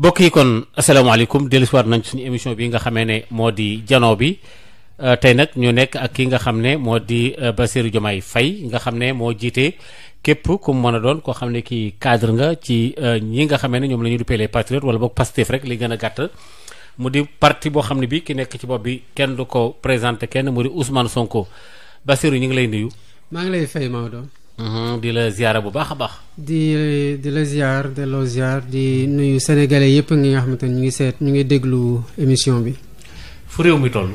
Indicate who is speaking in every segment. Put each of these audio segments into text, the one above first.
Speaker 1: mbokk yi kon asalaamaaleykum dellusiwaat nañ suñu émission bi nga xamee ne moo di jano bi euh, tey nag ñu nekk ak ki nga xam ne moo di euh, Bassirou Diomaye fay nga xam ne moo jiite képp ku mu mën a doon koo xam ne kii cadre nga ci euh, ñi nga xamee ne ñoom la ñu duppee les patriotes wala boog Pastef rek li gën a gàtt mu di parti boo xam ne bi ki nekk ci bopp bi kenn du ko présenté kenn mu di Ousmane Sonko Bassirou ñu ngi lay nuyu.
Speaker 2: maa ngi lay fay Maodo.
Speaker 1: Mhm, di la ziyaara bu baax a baax.
Speaker 2: di di la ziar de loo di nuyu sénégalais yëpp ngi nga xamante ni ñu ngi seet ñu ngi déglu émission bi. fu réew mi toll.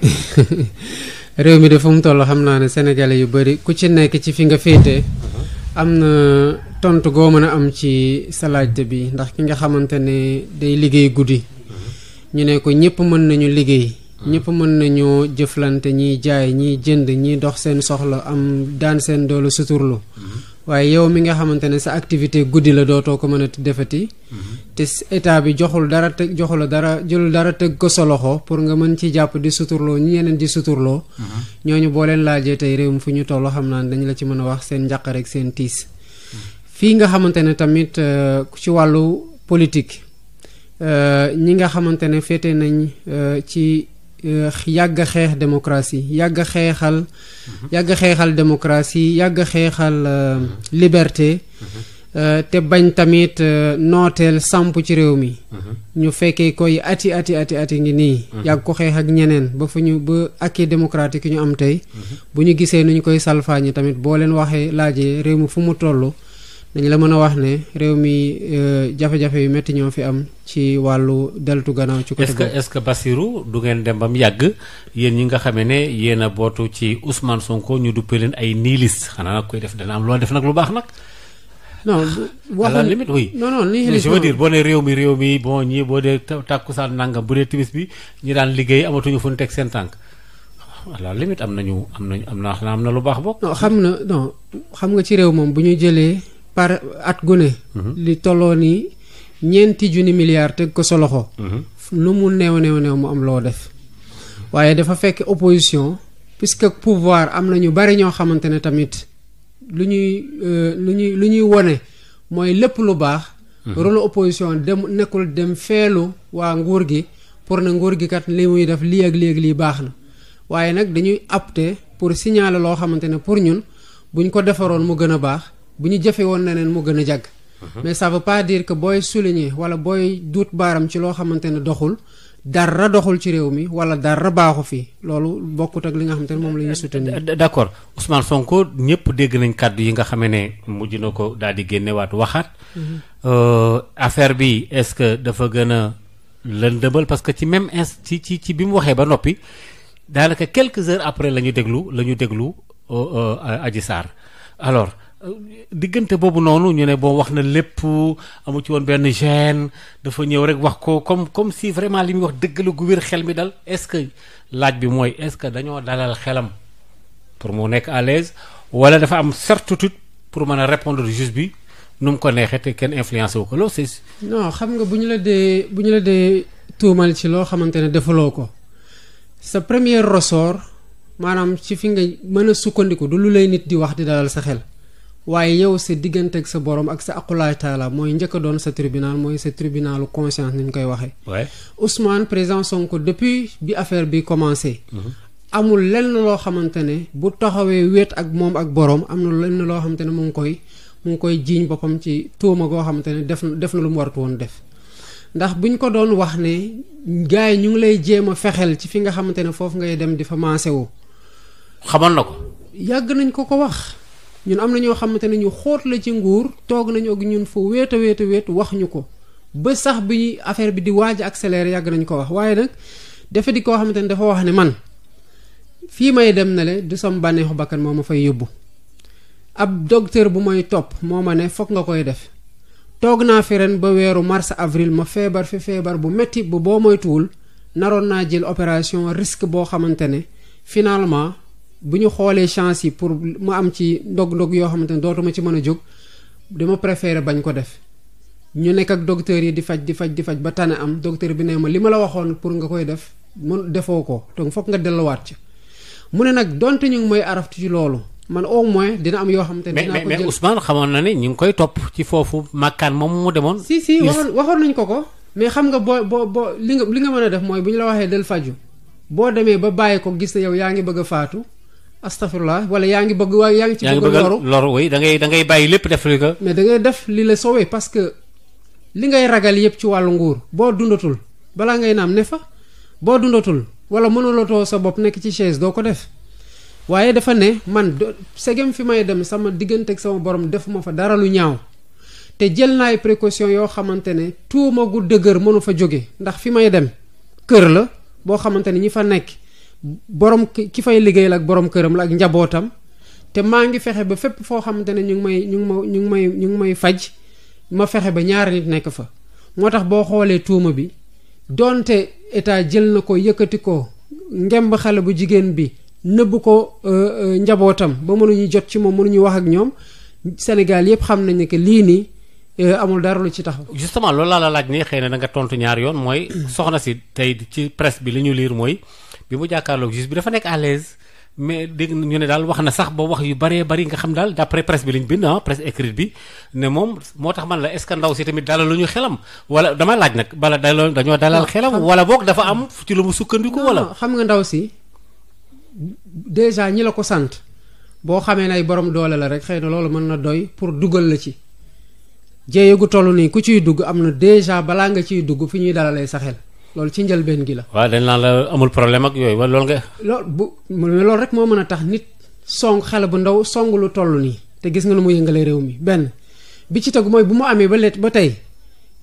Speaker 2: réew mi de fu mu toll xam naa ne sénégalais yu bëri ku ci nekk ci fi nga féete. Mhm. am na tontu goo mën a am ci sa bi ndax ki nga xamante ne day liggéey guddi. Mhm. ñu ne ko ñëpp mën nañu liggéey. ñëpp mën nañoo jëflante ñi jaay ñi jënd ñiy dox seen soxla am daan seen doolu suturlu mm-hmm. waaye yow mi nga xamante ne sa activité guddi la dootoo ko mën a defati mm-hmm. te état bi joxul dara te joxula dara jëlul dara teg ko sa loxo pour nga mën ci jàpp di suturloo ñi ñeneen di suturloo mm-hmm. ñooñu boo leen laajee tey réew mi fu ñu toll xam naa ne dañu la ci mën a wax seen njàqare seen tiis fii nga xamante ne tamit euh, ci wàllu politique euh, ñi nga xamante ne féete nañ euh, ci Euh, yàgg a xeex démocratie yàgg xeexal yàgg a xeexal démocratie yàgg a xeexal euh, liberté euh, te bañ tamit nooteel samp ci réew mi ñu fekkee koy ati ati ati ati ngi nii yàgg ko xeex ak ñeneen ba fu ñu ba acquis démocratique ñu am tey bu ñu gisee ni ñu koy salfaañi tamit boo leen waxee laajee réew mi fu mu toll dañ la mën a wax ne réew mi euh, jafe-jafe yu métti ñoo fi am ci wàllu deltu gannaaw ci côté boobu.
Speaker 1: est-ce que est-ce du ngeen dem ba mu yàgg yéen ñi nga xamee ne yéen a bootu ci Ousmane Sonko ñu duppee leen ay nihilistes xanaa nag koy def dana am loo def nag lu baax nag.
Speaker 2: non ah, waxuñu à la limite oui. non non
Speaker 1: réew mi réew mi bon ñii boo dee tàkkusaan nangam bu dee timis bi ñi daan liggéey amatuñu fu ñu teg seen tànk. à la am na am am na am na lu baax bokk.
Speaker 2: xam na xam nga ci réew moom bu ñu jëlee par at gune mhm. li tolloo nii ñeenti junni milliards teg ko sa loxo. Mhm. nu mu néew néew néew mu am loo def waaye dafa fekk opposition puisque pouvoir am na ñu bari ñoo xamante ne tamit lu ñuy euh, lu ñuy lu ñuy wone mooy lépp lu baax mhm. rôle opposition dem nekkul dem feelu waa nguur gi pour ne nguur gi kat li muy def lii ak lii ak lii baax na waaye nag dañuy apte pour signaler loo xamante ne pour ñun buñ ko defaroon mu gën a baax bu ñu jëfe woon leneen mu gën a jàgg uh-huh. mais ça veut pas dire que booy souligner wala booy duut baaram ci loo xamante ne doxul dara doxul ci réew mi wala dara baaxu fi loolu bokkut ak li nga xamante ne moom la ñuy soutenir.
Speaker 1: d'accord Ousmane Sonko ñëpp dégg nañ kàddu yi nga xamee ne mujj na ko daal di génnewaat waxaat. Mm-hmm. Euh, affaire bi est-ce que dafa gën a lëndëmal parce que ci même ins ci ci ci bi mu waxee ba noppi daanaka quelque heures après la ñu déglu la ñu déglu euh, euh, Adji Sarr alors. diggante boobu noonu ñu ne bon wax na lépp amu ci woon benn gêne dafa ñëw rek wax ko comme comme si vraiment li muy wax dëgg la gu wér xel mi dal est-ce que laaj bi mooy est-ce que dañoo dalal xelam pour mu nekk à l'aise wala dafa am certitude pour mën a répondre juge bi nu mu ko neexee te kenn influencé wu ko loo c'est
Speaker 2: non xam nga bu ñu la dee bu ñu la dee tuumal ci loo xamante ne defuloo ko sa première ressort maanaam ci fi nga mën a sukkandiku du lu lay nit di wax di dalal sa xel waaye yow sa diggante ak sa borom ak sa aqulaay taala mooy njëkk doon sa tribunal mooy sa tribunalu conscience ni ñu koy waxee. Ouais. Ousmane président Sonko depuis bi affaire bi commencé. amul lenn loo xamante ne bu taxawee wéet ak moom ak borom am na lenn loo xamante ne mu ngi koy mu ngi koy jiiñ boppam ci tuuma goo xamante ne def na def na lu mu wartu woon def. ndax buñ ko doon wax ne gars yi ñu ngi lay jéem a fexeel ci fi nga xamante ne foofu ngay dem di fa maase woo. xamoon na ko. yàgg nañ ko ko wax. ñun am na ñoo xamante ne ñu xóot la ci nguur toog nañu ak ñun fu wéet a wéet wax ñu ko ba sax bi ñuy affaire bi di waaj a yàgg nañu ko wax waaye nag dafa di koo xamante ne dafa wax ne man fii may dem ne du sam bànneexu bakkan moom ma fay yóbbu ab docteur bu may topp moo ma ne foog nga koy def toog naa fi ren ba weeru mars avril ma feebar fi feebar bu metti bu boo moytuwul naroon naa jël opération risque boo xamante ne finalement bu ñu xoolee chance yi pour mu am ci ndog-ndog yoo xamante ne dootuma ci mën a jóg dama préféré bañ ko def ñu nekk ak docteur yi di faj di faj di faj ba tane am docteur bi nee ma li ma la waxoon pour nga koy def mun defoo ko donc foog nga delluwaat ci mu ne nag donte ñu ngi may araftu ci loolu man au moins dina am yoo xamante ne. dinaa ko jël mais
Speaker 1: xamoon na ne ñu ngi koy topp ci foofu màkkaan moom mu demoon. si si waxoon
Speaker 2: nañ ko ko. mais xam nga boo boo boo li nga li nga mën a def mooy bu ñu la waxee del faju boo deme ba bàyyi ko gis ne yow yaa ngi bëgg faatu astafirullah wala yaa ngi bëgg waaye yaa ngi ci bëgg loru
Speaker 1: loru oui dangay ngay bàyyi lépp def li ko
Speaker 2: mais dangay def li la soowee parce que li ngay ragal yëpp ci wàllu nguur boo dundatul balaa ngay naam ne fa boo dundatul wala mënulatoo sa bopp nekk ci chaise doo ko def waaye dafa ne man segem fi may dem sama diggante ak sama borom defuma fa dara lu ñaaw te jël naay précaution yoo xamante ne tuuma gu dëgër mënu fa jóge ndax fi may dem kër la boo xamante ne ñi fa nekk borom ki fay liggéeyal ak borom këram la ak njabootam te maa ngi fexe ba fépp foo xamante ne ñu ngi may ñu ngi ñu ngi may ñu ngi may faj ma fexe ba ñaari nit nekk fa moo tax boo xoolee tuuma bi donte état jël na ko yëkkati ko ngemb xale bu jigéen bi nëbb ko euh, euh, njabootam ba mënuñu jot ci moom mënuñu wax ak ñoom Sénégal yëpp xam nañ ne que lii nii euh, amul dara lu ci tax
Speaker 1: justement loolu laa la laaj nii xëy na da tontu ñaar yoon mooy. soxna si tey ci presse bi li ñu liir mooy. bi mu jàkkaarloog juge bi dafa nekk à l'aise mais dégg ñu ne daal wax na sax ba wax yu baree bari nga xam daal d'après presse bi lañ bind ah presse écrite bi ne moom moo tax man la est ndaw si tamit dalal lu ñu xelam wala dama laaj nag bala dalal dañoo dalal xelam
Speaker 2: wala boog dafa am ci lu mu sukkandiku wala xam nga ndaw si déjà ñi la ko sant boo xamee nay borom doole la rek xëy na loolu mën na doy pour dugal la ci jéego gu toll nii ku ciy dugg am na déjà balaa nga ciy dugg fi ñuy dalalee sa xel loolu ci njëlbeen gi la.
Speaker 1: waaw dañ naan la amul problème ak yooyu wala loolu nga.
Speaker 2: loolu bu loolu rek moo mën a tax nit song xale bu ndaw song lu toll nii te gis nga nu mu yëngale réew mi benn bi ci tegu mooy bu mu amee ba let ba tey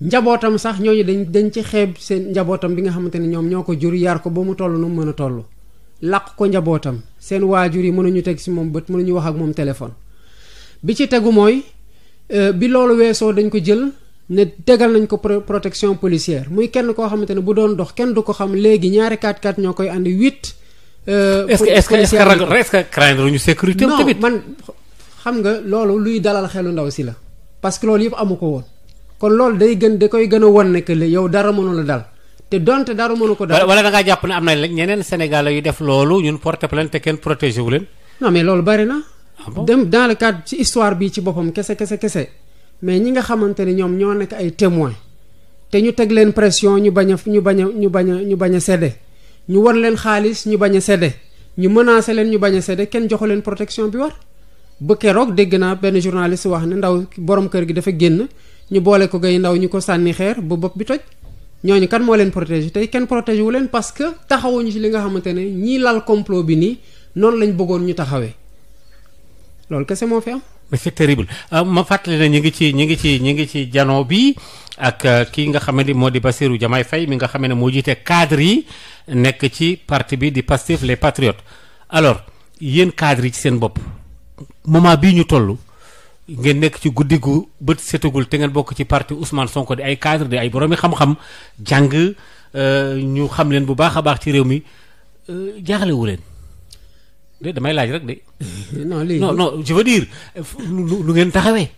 Speaker 2: njabootam sax ñooñu dañ dañ ci xeeb seen njabootam bi nga xamante ne ñoom ñoo ko jur yar ko ba mu toll nu mën a toll. làq ko njabootam seen waajur yi mënuñu teg si moom bët mënuñu wax ak moom téléphone bi ci tegu mooy euh, bi loolu weesoo dañ ko jël. ne tegal nañ ko protection policière muy kenn koo xamante ne bu doon dox kenn du ko xam léegi ñaari 4 x ñoo koy andi 8. Euh, est-ce que
Speaker 1: est-ce ñu sécurité tamit
Speaker 2: man xam nga loolu luy dalal xelu ndaw si la. parce que loolu yëpp amu ko woon kon loolu day gën da koy gën a won ne que yow dara mënula dal. te donte dara mënu ko dal wala
Speaker 1: da jàpp ne am na ñeneen sénégal yu def loolu ñun porté plainte te kenn protégé wu leen.
Speaker 2: non mais loolu bari na. Ah dem dans le cadre ci histoire bi ci boppam kese kese kese. mais ñi nga xamante ne ñoom ñoo nekk ay témoins te ñu teg leen pression ñu bañ a ñu bañ a ñu bañ a ñu bañ a sedde ñu war leen xaalis ñu bañ sedde ñu menacé leen ñu bañ a sedde kenn joxu leen protection bi war ba keroog dégg naa benn journaliste wax ne ndaw borom kër gi dafa génn ñu boole ko gay ndaw ñu ko sànni xeer ba bopp bi toj ñooñu kan moo leen protégé tey kenn protégé wu leen parce que taxawuñu ci li nga xamante ne ñii lal complot bi nii noonu lañ bëggoon ñu taxawee loolu kese mais
Speaker 1: c'est terrible euh, ma fàttali na ñu ngi ci ñu ngi ci ñu ngi ci jano bi ak euh, kii nga xam ni moo di Bassirou Diomaye Faye mi nga xam ne moo jiite cadre yi nekk ci parti bi di Pastef les Patriotes alors yéen cadre yi ci seen bopp moment bii ñu toll ngeen nekk ci guddi gu bët setagul te ngeen bokk ci parti Ousmane Sonko di ay cadre di ay boroomi xam-xam jàng euh, ñu xam leen bu baax a baax ci réew mi jaaxlewu leen de damay laaj rek de. non non non je veux dire
Speaker 2: lu ngeen taxawee.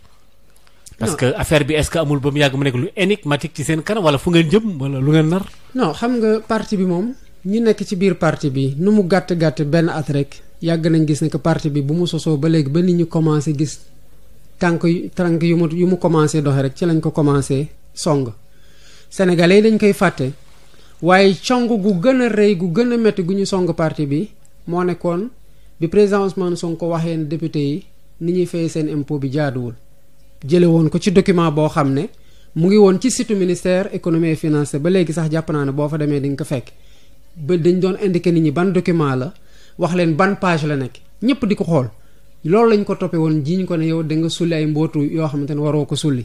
Speaker 1: parce que affaire bi est-ce que amul ba mu yàgg mu nekk lu énigmatique ci seen kanam wala fu ngeen jëm wala lu ngeen nar.
Speaker 2: non xam nga parti bi moom. ñu nekk ci biir parti bi nu mu gàtt gàtt benn at rek yàgg nañ gis ne que parti bi bu mu sosoo ba léegi ba nit ñu commencé gis tànk tànk yu mu yu mu commencé doxe rek ci lañ ko commencé song. sénégalais dañ koy fàtte waaye cong gu gën a rëy gu gën a métti gu ñu song parti bi moo nekkoon. bi président Ousmane ko waxee ne député yi ni ñuy fay seen impôt bi jaaduwul jële woon ko ci document boo xam ne mu ngi woon ci site ministère économie et finance ba léegi sax jàpp naa ne boo fa demee di nga ko fekk ba dañ doon indi indiqué nit ñi ban document la wax leen ban page la nekk ñëpp di ko xool loolu lañ ko toppee woon jiiñ ko ne yow da nga sulli ay mbootu yoo xamante ne waroo ko sulli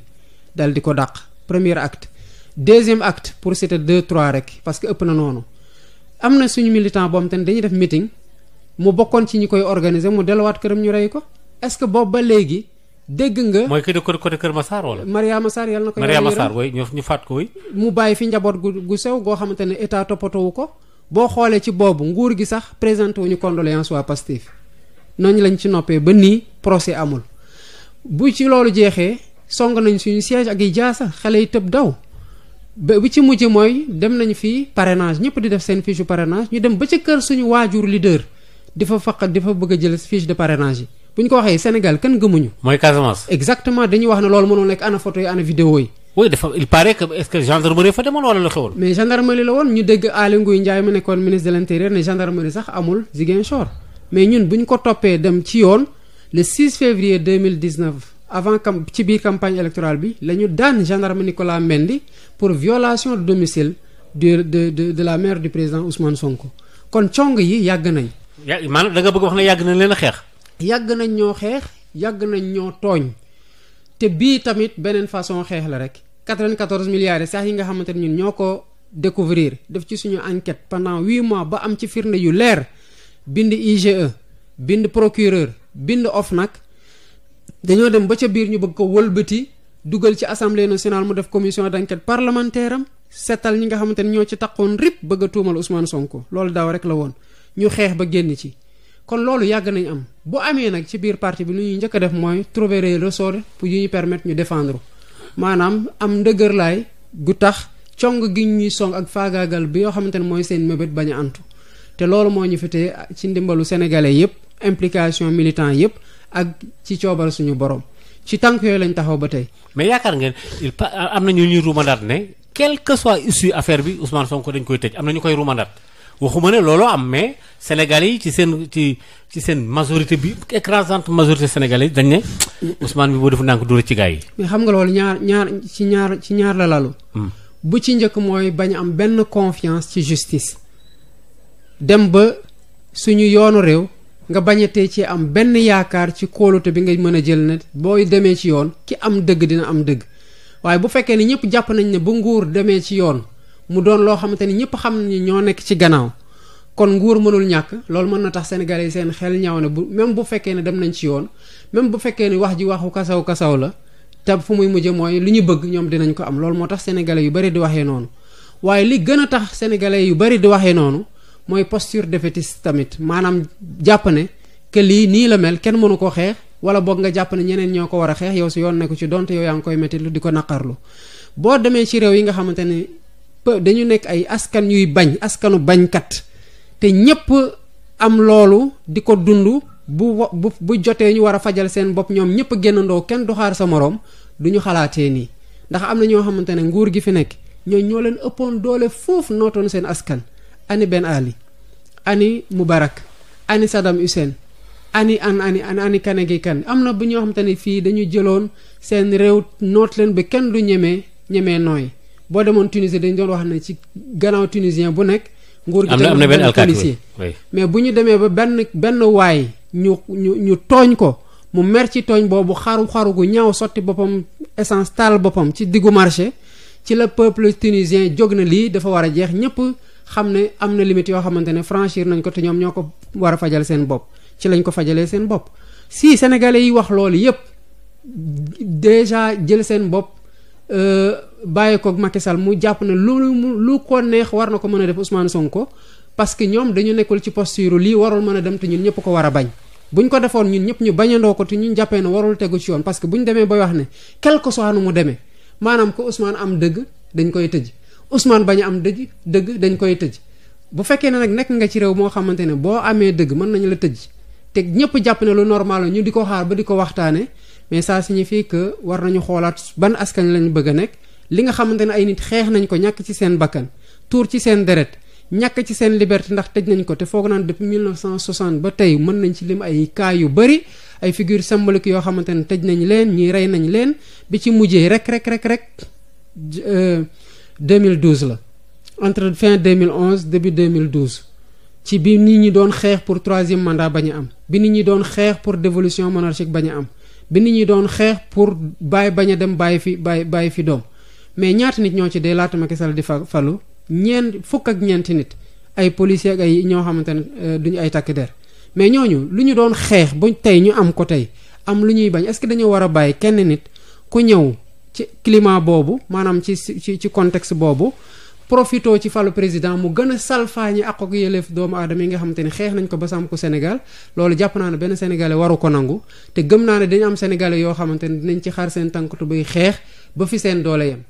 Speaker 2: dal di ko dàq premier acte deuxième acte pour citer deux trois rek parce que ëpp na noonu am na suñu militant boo xam ne dañuy def meeting mu bokkoon ci ñi koy organiser mu delluwaat këram ñu rey ko est-ce que boobu ba léegi dégg nga.
Speaker 1: mooy ki de côté Kër Massar wala.
Speaker 2: Mariama Sarr yàlla na ko. Mariama Sarr
Speaker 1: way ñu faat ko
Speaker 2: mu bàyyi fi njaboot gu gu sew goo xamante ne état toppatoowu ko boo xoolee ci boobu nguur gi sax présenté wuñu condoléance waa Pastef noonu lañ ci noppee ba nii procès amul bu ci loolu jeexee song nañ suñu siège ak yi jaasa xale yi tëb daw. ba bi ci mujj mooy dem nañ fi parrainage ñëpp di def seen fiche parrainage ñu dem ba ci kër suñu waajur leader. di fa faq di fa bëgg a jël fiche de parrainage yi ñu ko waxee Sénégal kan gëmuñu. mooy Casamance. exactement dañuy wax ne loolu mënul nekk ana photo yi ana vidéo yi. oui dafa il paraît que est-ce que gendarmerie fa demoon wala la xewoon. mais gendarmerie la woon ñu dégg Aly Ngouille Ndiaye nekkoon ministre de l'intérieur ne gendarmerie sax amul Ziguinchor mais ñun bu ñu ko toppee dem ci yoon le 6 février 2019 avant cam ci biir campagne électorale bi la ñu daan gendarme Nicolas Mendy pour violation de domicile de de de de la mère du président Ousmane Sonko kon cong yi yàgg nañ. ya maanaam
Speaker 1: danga bëgg wax ne yàgg nañ leen a xeex.
Speaker 2: yàgg nañ ñoo xeex yàgg nañ ñoo tooñ te bii tamit beneen façon xeex la rek 94 milliards sax yi nga xamante ni ñun ñoo ko découvrir def ci suñu enquête pendant huit mois ba am ci firnde yu leer bind IGE bind procureur bind nag dañoo dem ba ca biir ñu bëgg ko wëlbati dugal ci assemblée nationale mu def commission d'enquête parlementaire am seetal ñi nga xamante ne ñoo ci taqoon rip bëgg a tuumal Ousmane loolu daaw rek la woon. ñu xeex ba génn ci kon loolu yàgg nañu am bu amee nag ci biir parti bi lu ñuy njëkk a def mooy trouver les ressorts yu ñu permettre ñu défendre maanaam am laay gu tax cong gi ñuy song ak faagaagal bi yoo xamante ne mooy seen mébét bañ a antu te loolu moo ñu fi ci ndimbalu sénégalais yépp implication militant yépp ak ci coobal suñu borom ci tànk yooyu lañ taxaw ba tey.
Speaker 1: mais yaakaar ngeen il am na ñu ñuy ruumandaat ne quel que soit issue affaire bi Ousmane Sonko dañ koy tëj am na ñu koy ruumandaat. waxuma ne looloo am mais sénégalais yi ci seen ci ci seen majorité bi écrasante majorité sénégalais yi dañ ne usman bi boo def ndànk dóor ci gaa yi.
Speaker 2: mais xam nga loolu ñaar ñaar ci ñaar ci ñaar la lalu. Hmm. bu ci njëkk mooy bañ am benn confiance ci justice. dem ba suñu yoonu réew nga bañ a tee ci am benn yaakaar ci kóolute bi ngay mën a jël ne booy demee ci yoon ki am dëgg dina am dëgg waaye bu fekkee ne ñëpp jàpp nañ ne bu nguur demee ci yoon. mu doon loo xamante ni ñëpp xam ni ñoo nekk ci gannaaw kon nguur mënul ñàkk loolu mën na tax sénégalais yi seen xel ñaaw ne bu même bu fekkee ne dem nañ ci yoon même bu fekkee ne wax ji waxu kasaw kasaw la te fu muy mujje mooy li ñu bëgg ñoom dinañ ko am loolu moo tax sénégalais yu bari di waxee noonu waaye li gën a tax sénégalais yu bari di waxee noonu mooy posture défaitiste tamit maanaam jàpp ne que lii nii la mel kenn mënu ko xeex wala boog nga jàpp ne ñeneen ñoo ko war a xeex yow si yoon nekku ci donte yow yaa ngi koy métti di ko naqarlu dañu nekk ay askan yuy bañ askanu bañkat te ñépp am loolu di ko dund bu bu bu jotee ñu war a fajal seen bopp ñoom ñépp génnandoo kenn du xaar sa moroom du ñu xalaatee nii ndax am na ñoo xamante ne nguur gi fi nekk ñoo ñoo leen ëppoon doole foofu nootoon seen askan ani Ben Ali ani Moubarak ani Saddam Hussein ani an ani an ani kane gi kan am na bu ñoo xamante ne fii dañu jëloon seen réew noot leen ba kenn du ñemee ñemee nooy boo demoon Tunisie dañ doon wax na ci gannaaw tunisien bu nekk. nguur gi am na benn alkaati mais bu ñu demee ba benn benn waay ñu ñu ñu tooñ ko mu mer ci tooñ boobu xaru xaru gu ñaaw sotti boppam essence taal boppam ci diggu marché ci la peuple tunisien jóg na lii dafa war a jeex ñëpp xam ne am na limite yoo xamante ne franchir nañ ko te ñoom ñoo ko war a fajal seen bopp ci lañ ko fajalee seen bopp si sénégalais yi wax loolu yépp déjà jël seen bopp. Euh, bàyyi koog Macky Sall mu jàpp ne lu lu ko neex war na ko mën a def Ousmane Sonko parce que ñoom dañu nekkul ci posture lii warul mën a dem te ñun ñëpp ko war a bañ buñ ko defoon ñun ñëpp ñu bañandoo ko te ñu jàppee ne warul tegu ci yoon parce que buñ demee bay wax ne quel que soit nu mu demee maanaam ko Ousmane am dëgg dañ koy tëj Ousmane bañ am dëgg dëgg dañ koy tëj bu fekkee ne nag nekk nga ci réew moo xamante ne boo amee dëgg mën nañu la tëj te ñëpp jàpp ne lu normal la di ko xaar ba di ko waxtaane mais ça signifie que war nañu xoolaat ban askan lañ bëgg a nekk li nga xamante ne ay nit xeex nañ ko ñàkk ci seen bakkan tuur ci seen deret ñàkk ci seen liberté ndax tëj nañ ko te foog naan depuis 1960 ba tey mën nañ ci lim ay cas yu bëri ay figures symboliques yoo xamante ne tëj nañ leen ñii rey nañ leen bi ci mujjee rek rek rek rek 2012 euh, la entre fin 2011 début 2012 ci bi nit ñi doon xeex pour troisième mandat bañ am bi nit ñi doon xeex pour dévolution monarchique bañ a am bi nit ñi doon xeex pour bàyyi bañ a dem bàyyi fi bàyyi bàyyi fi doom mais ñaata nit ñoo ci dee laata Macky Sall di fa falu ñeent fukk ak ñeenti nit ay policiers ak ay ñoo xamante ne euh, duñu ay takk der mais ñooñu lu ñu doon xeex ba tey ñu am ko tey am lu ñuy bañ est-ce que dañu war a bàyyi kenn nit ku ñëw ci climat boobu maanaam ci ci ci contexte boobu profito ci falu président mu gën a salfaañi ak ak yëleef doomu aadama yi nga xamante ni xeex nañ ko ba sàmm ko Sénégal loolu jàpp naa ne benn sénégalais waru ko nangu te gëm naa ne dañu am sénégalais yoo xamante ne dinañ ci xaar seen tànkatu bay xeex ba fi seen doole yem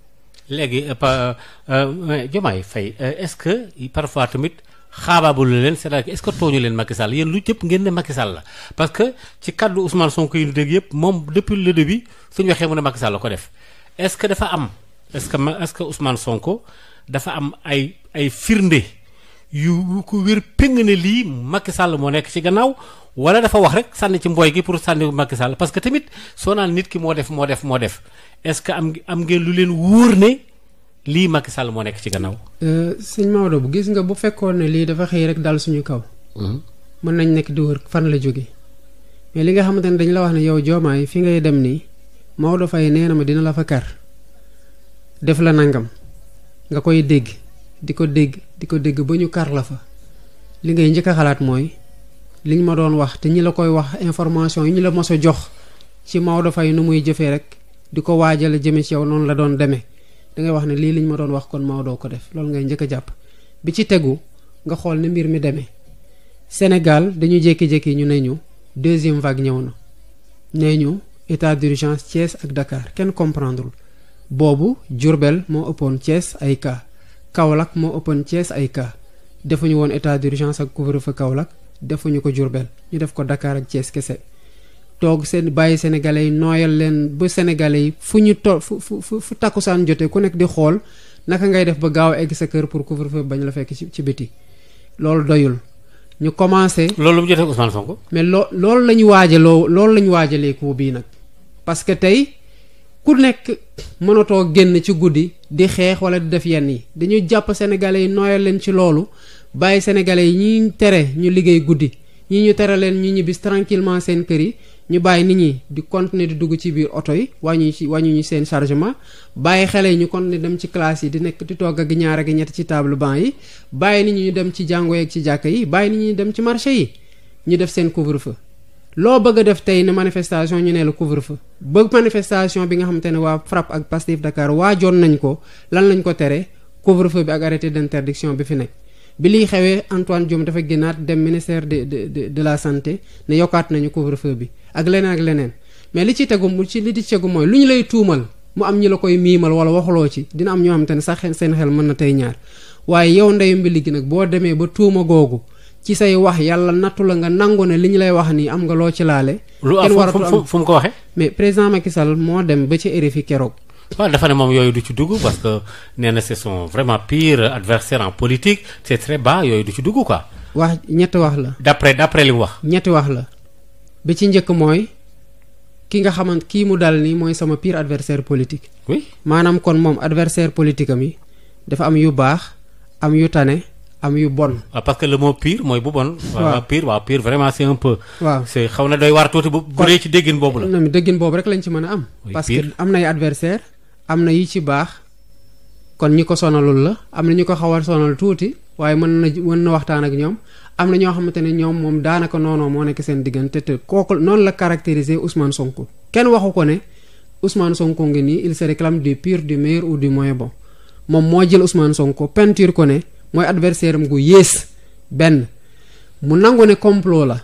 Speaker 1: léegi euh, pa euh, euh, Diomaye fay est-ce que parfois tamit xaabaabalu leen c'est-à-dire tooñu leen Macky Sall yéen lu jëpp ngeen ne Macky Sall la parce que ci kaddu Ousmane Sonko yi ñu dégg yëpp moom depuis le début suñu waxee mu ne Macky la ko def est-ce que dafa am est-ce que est-ce que Ousmane Sonko dafa am ay ay firnde. yu ko wér péng ne lii Macky sàll moo nekk ci gannaaw wala dafa wax rek sànni ci mbooy gi pour sànni Macky sàll parce que tamit soo naan nit ki moo def moo def moo def est-ce que am am ngeen lu leen wóor ne lii Macky Sall moo nekk ci gannaaw.
Speaker 2: Euh, sëñ Maodo bu gis nga bu fekkoon ne lii dafa xëy rek dal suñu kaw. Hmm. mën nañ nekk di wër fan la jóge mais li nga xamante ne dañ la wax ne yow joomaay fi ngay dem nii Maodo Faye nee na ma dina la fa kar def la nangam nga koy dégg di ko dégg. di ko dégg ba ñu kar la fa li ngay njëkk a xalaat mooy li liñ ma doon wax te ñi la koy wax information yi ñu la mos jox ci Maodo Faye nu muy jëfee rek di ko waajale jëme ci yow noonu la doon demee dangay wax ne lii li ñu ma doon wax kon Maodo ko def loolu ngay njëkk a jàpp bi ci tegu nga xool ni mbir mi demee Sénégal dañu jékki-jékki ñu ne ñu deuxième vague ñëw na nee ñu état d'urgence Thiès ak Dakar kenn comprendrewul boobu jurbel moo ëppoon Thiès ay cas Kaolack moo ëppoon Thiès ay cas ñu woon état d'urgence ak couvre-feu Kaolack ñu ko Diourbel ñu def ko Dakar ak Thiès kese toog seen bàyyi sénégalais yi nooyal leen ba sénégalais yi fu ñu to fu fu fu takkusaan jotee ku nekk di xool naka ngay def ba gaaw a egg sa kër pour couvre-feu bañ la fekk ci ci biti loolu doyul ñu commencé. loolu
Speaker 1: mu jotee Ousmane Sonko.
Speaker 2: mais loo loolu la ñu waajaloo loolu la ñu waajalee ko bii nag parce tey ku nekk mënatoo génn ci guddi di xeex wala di def yenn yi dañuy jàpp sénégalais yi nooyal leen ci loolu bàyyi sénégalais yi ñi tere ñu liggéey guddi ñi ñu tere leen ñu ñibbis tranquillement seen kër yi ñu bàyyi nit ñi di continuer di dugg ci biir oto yi wàññi ci wàññi ñu seen chargement bàyyi xele yi ñu continuer dem ci classe yi di nekk di togg ak ñaar ak ñett ci table banc yi bàyyi nit ñi ñu dem ci jàngo ci jàkk yi bàyyi nit ñi dem ci marché yi ñu def seen couvre loo bëgg def tey ne manifestation ñu nee la couvre-feu bëgg manifestation bi nga xamante ne waa FRAPP ak Pastef Dakar waajoon nañ ko lan lañ ko tere couvre-feu bi ak arrêté d'interdiction bi fi nekk bi liy xewee Antoine Diome dafa génnaat dem ministère de de de la santé ne yokkaat nañu couvre-feu bi ak leneen ak leneen mais li ci tegu mu ci li ci tegu mooy lu ñu lay tuumal mu am ñi la koy miimal wala waxuloo ci dina am ñoo xamante ne sax seen xel mën na tey ñaar waay yow ndeyu mbi gi nag boo demee ba tuuma googu ci say wax yàlla nattu la nga nangu ne li ñu lay wax nii am nga loo ci laale. kenn waratu a fu mu ko waxee. mais président Macky Sall moo dem ba ci fi keroog.
Speaker 1: waaw dafa ne moom yooyu du ci dugg parce que nee na ce sont vraiment pires adversaires en politique c'est très ba yooyu du ci dugg quoi.
Speaker 2: wax ñetti wax la.
Speaker 1: d'après d'après li wax.
Speaker 2: ñetti wax la bi ci njëkk mooy ki nga xamante kii mu dal nii mooy sama piir adversaire politique. maanaam kon moom adversaire politique am yi dafa am yu baax am yu tane. am yu bon.
Speaker 1: Ah, parce que le mot pire mooy bu bon. waaw waaw pire waaw pire vraiment c'est un peu. waaw c'est xaw na doy waar tuuti bu. bu dee ci déggin boobu la.
Speaker 2: déggin boobu rek lañ ci mën a am. parce que am nay adversaire am na yi ci baax kon ñi ko sonalul la am na ñu ko xaw a sonal tuuti waaye mën na mën na waxtaan ak ñoom am na ñoo xamante ne ñoom moom daanaka noonu moo nekk seen diggante te kooku noonu la caractériser Ousmane Sonko kenn waxu ko ne Ousmane Sonko ngi nii il se réclame du pire du meilleur ou du moins moom moo jël Ousmane Sonko peinture ko ne. mooy adversaire am gu yées benn mu nangu ne complot la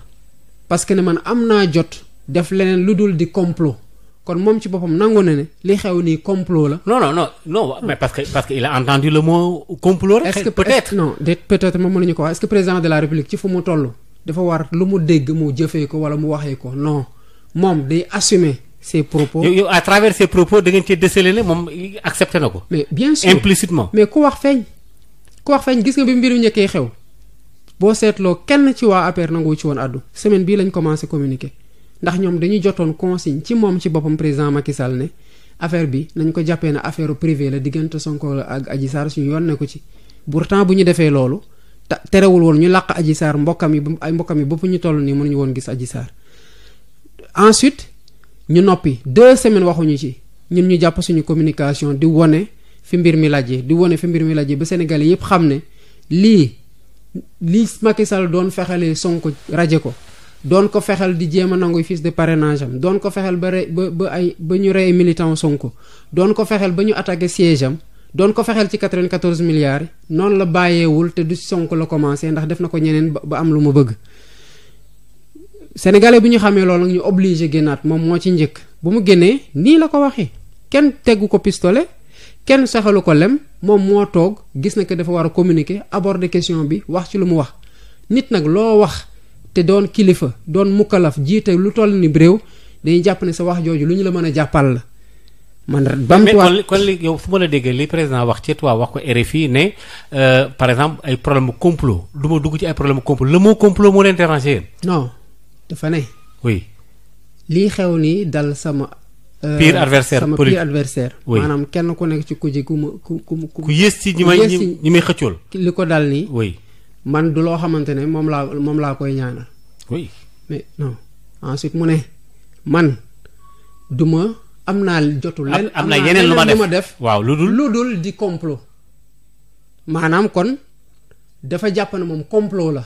Speaker 2: parce que ne man am naa jot def leneen lu dul di complot kon moom ci boppam nangu na ne li xew nii complot la.
Speaker 1: non non non non mais parce que parce que il a entendu le
Speaker 2: mot complot. est-ce que peut-être non de peut-être moom mënuñu ko wax est-ce que président de la république ci fu mu toll. dafa war lu mu dégg mu jëfee ko wala mu waxee ko no moom day assume ses propos. yow
Speaker 1: yow à travers ses propos da ngeen cee déceler moom accepté na ko. mais
Speaker 2: koox fañ gis nga bi mbiru njëkkee xew boo seetloo kenn ci waa APR nangu ci woon addu semaine bii lañ commencé communiquer ndax ñoom dañuy jotoon consigne ci moom ci boppam président Macky Sall ne affaire bi nañ ko jàppee na affaire privée la diggante Sonko la ak Adji Sarr suñu yoon ne ko ci pourtant bu ñu defee loolu terewul woon ñu làq Adji Sarr mbokkam yi ay mbokkam yi bopp ñu toll nii mënuñu woon gis Adji Sarr ensuite ñu noppi deux semaines waxuñu ci ñun ñu jàpp suñu communication di wone fi mbir mi lajjee di wone fi mbir mi lajjee ba sénégalais yëpp xam ne lii lii Macky Sall doon fexalee sonk raje ko doon ko fexel di jéem a nanguy fiches de parrainage doon ko fexel ba ay ba ñu rey militant Sonko doon ko fexel ba ñu attaqué siège am doon ko fexel ci 94 milliards noonu la bàyyeewul te du sonk la commencé ndax def na ko ñeneen ba am lu ma bëgg sénégalais bi ñu xamee loolu nag ñu obligé génnaat moom moo ci njëkk bu mu génnee nii la ko waxee kenn tegu ko pistolet kenn saxalu ko lem moom moo toog gis na que dafa war a communiquer aborder question bi wax ci lu mu wax nit nag loo wax te doon kilifa doon mukkalaf jiite lu toll ni réew dañuy jàpp ne sa wax jooju lu ñu la mën a jàppal la man bamtuwaat mais
Speaker 1: kon li yow su ma la déggee li président wax ci toi wax ko fii ne euh, par exemple ay problème complot du ma dugg ci ay problème complot la moo complot moo leen déranger
Speaker 2: non dafa ne lii xew nii dal sama Euh, pire adversaire sama pire adversaire maanaam kenn ku nekk ci ji ku ma ku ku ku yées ci ñi may ñi may xëccool li ko dal nii oui man du loo xamante ne moom laa moom laa koy ñaanal oui mais non ensuite mu ne man du ma am naa jotul leen am naa yeneen lu ma def waaw lu dul lu dul di complot maanaam kon dafa jàpp ne moom complot la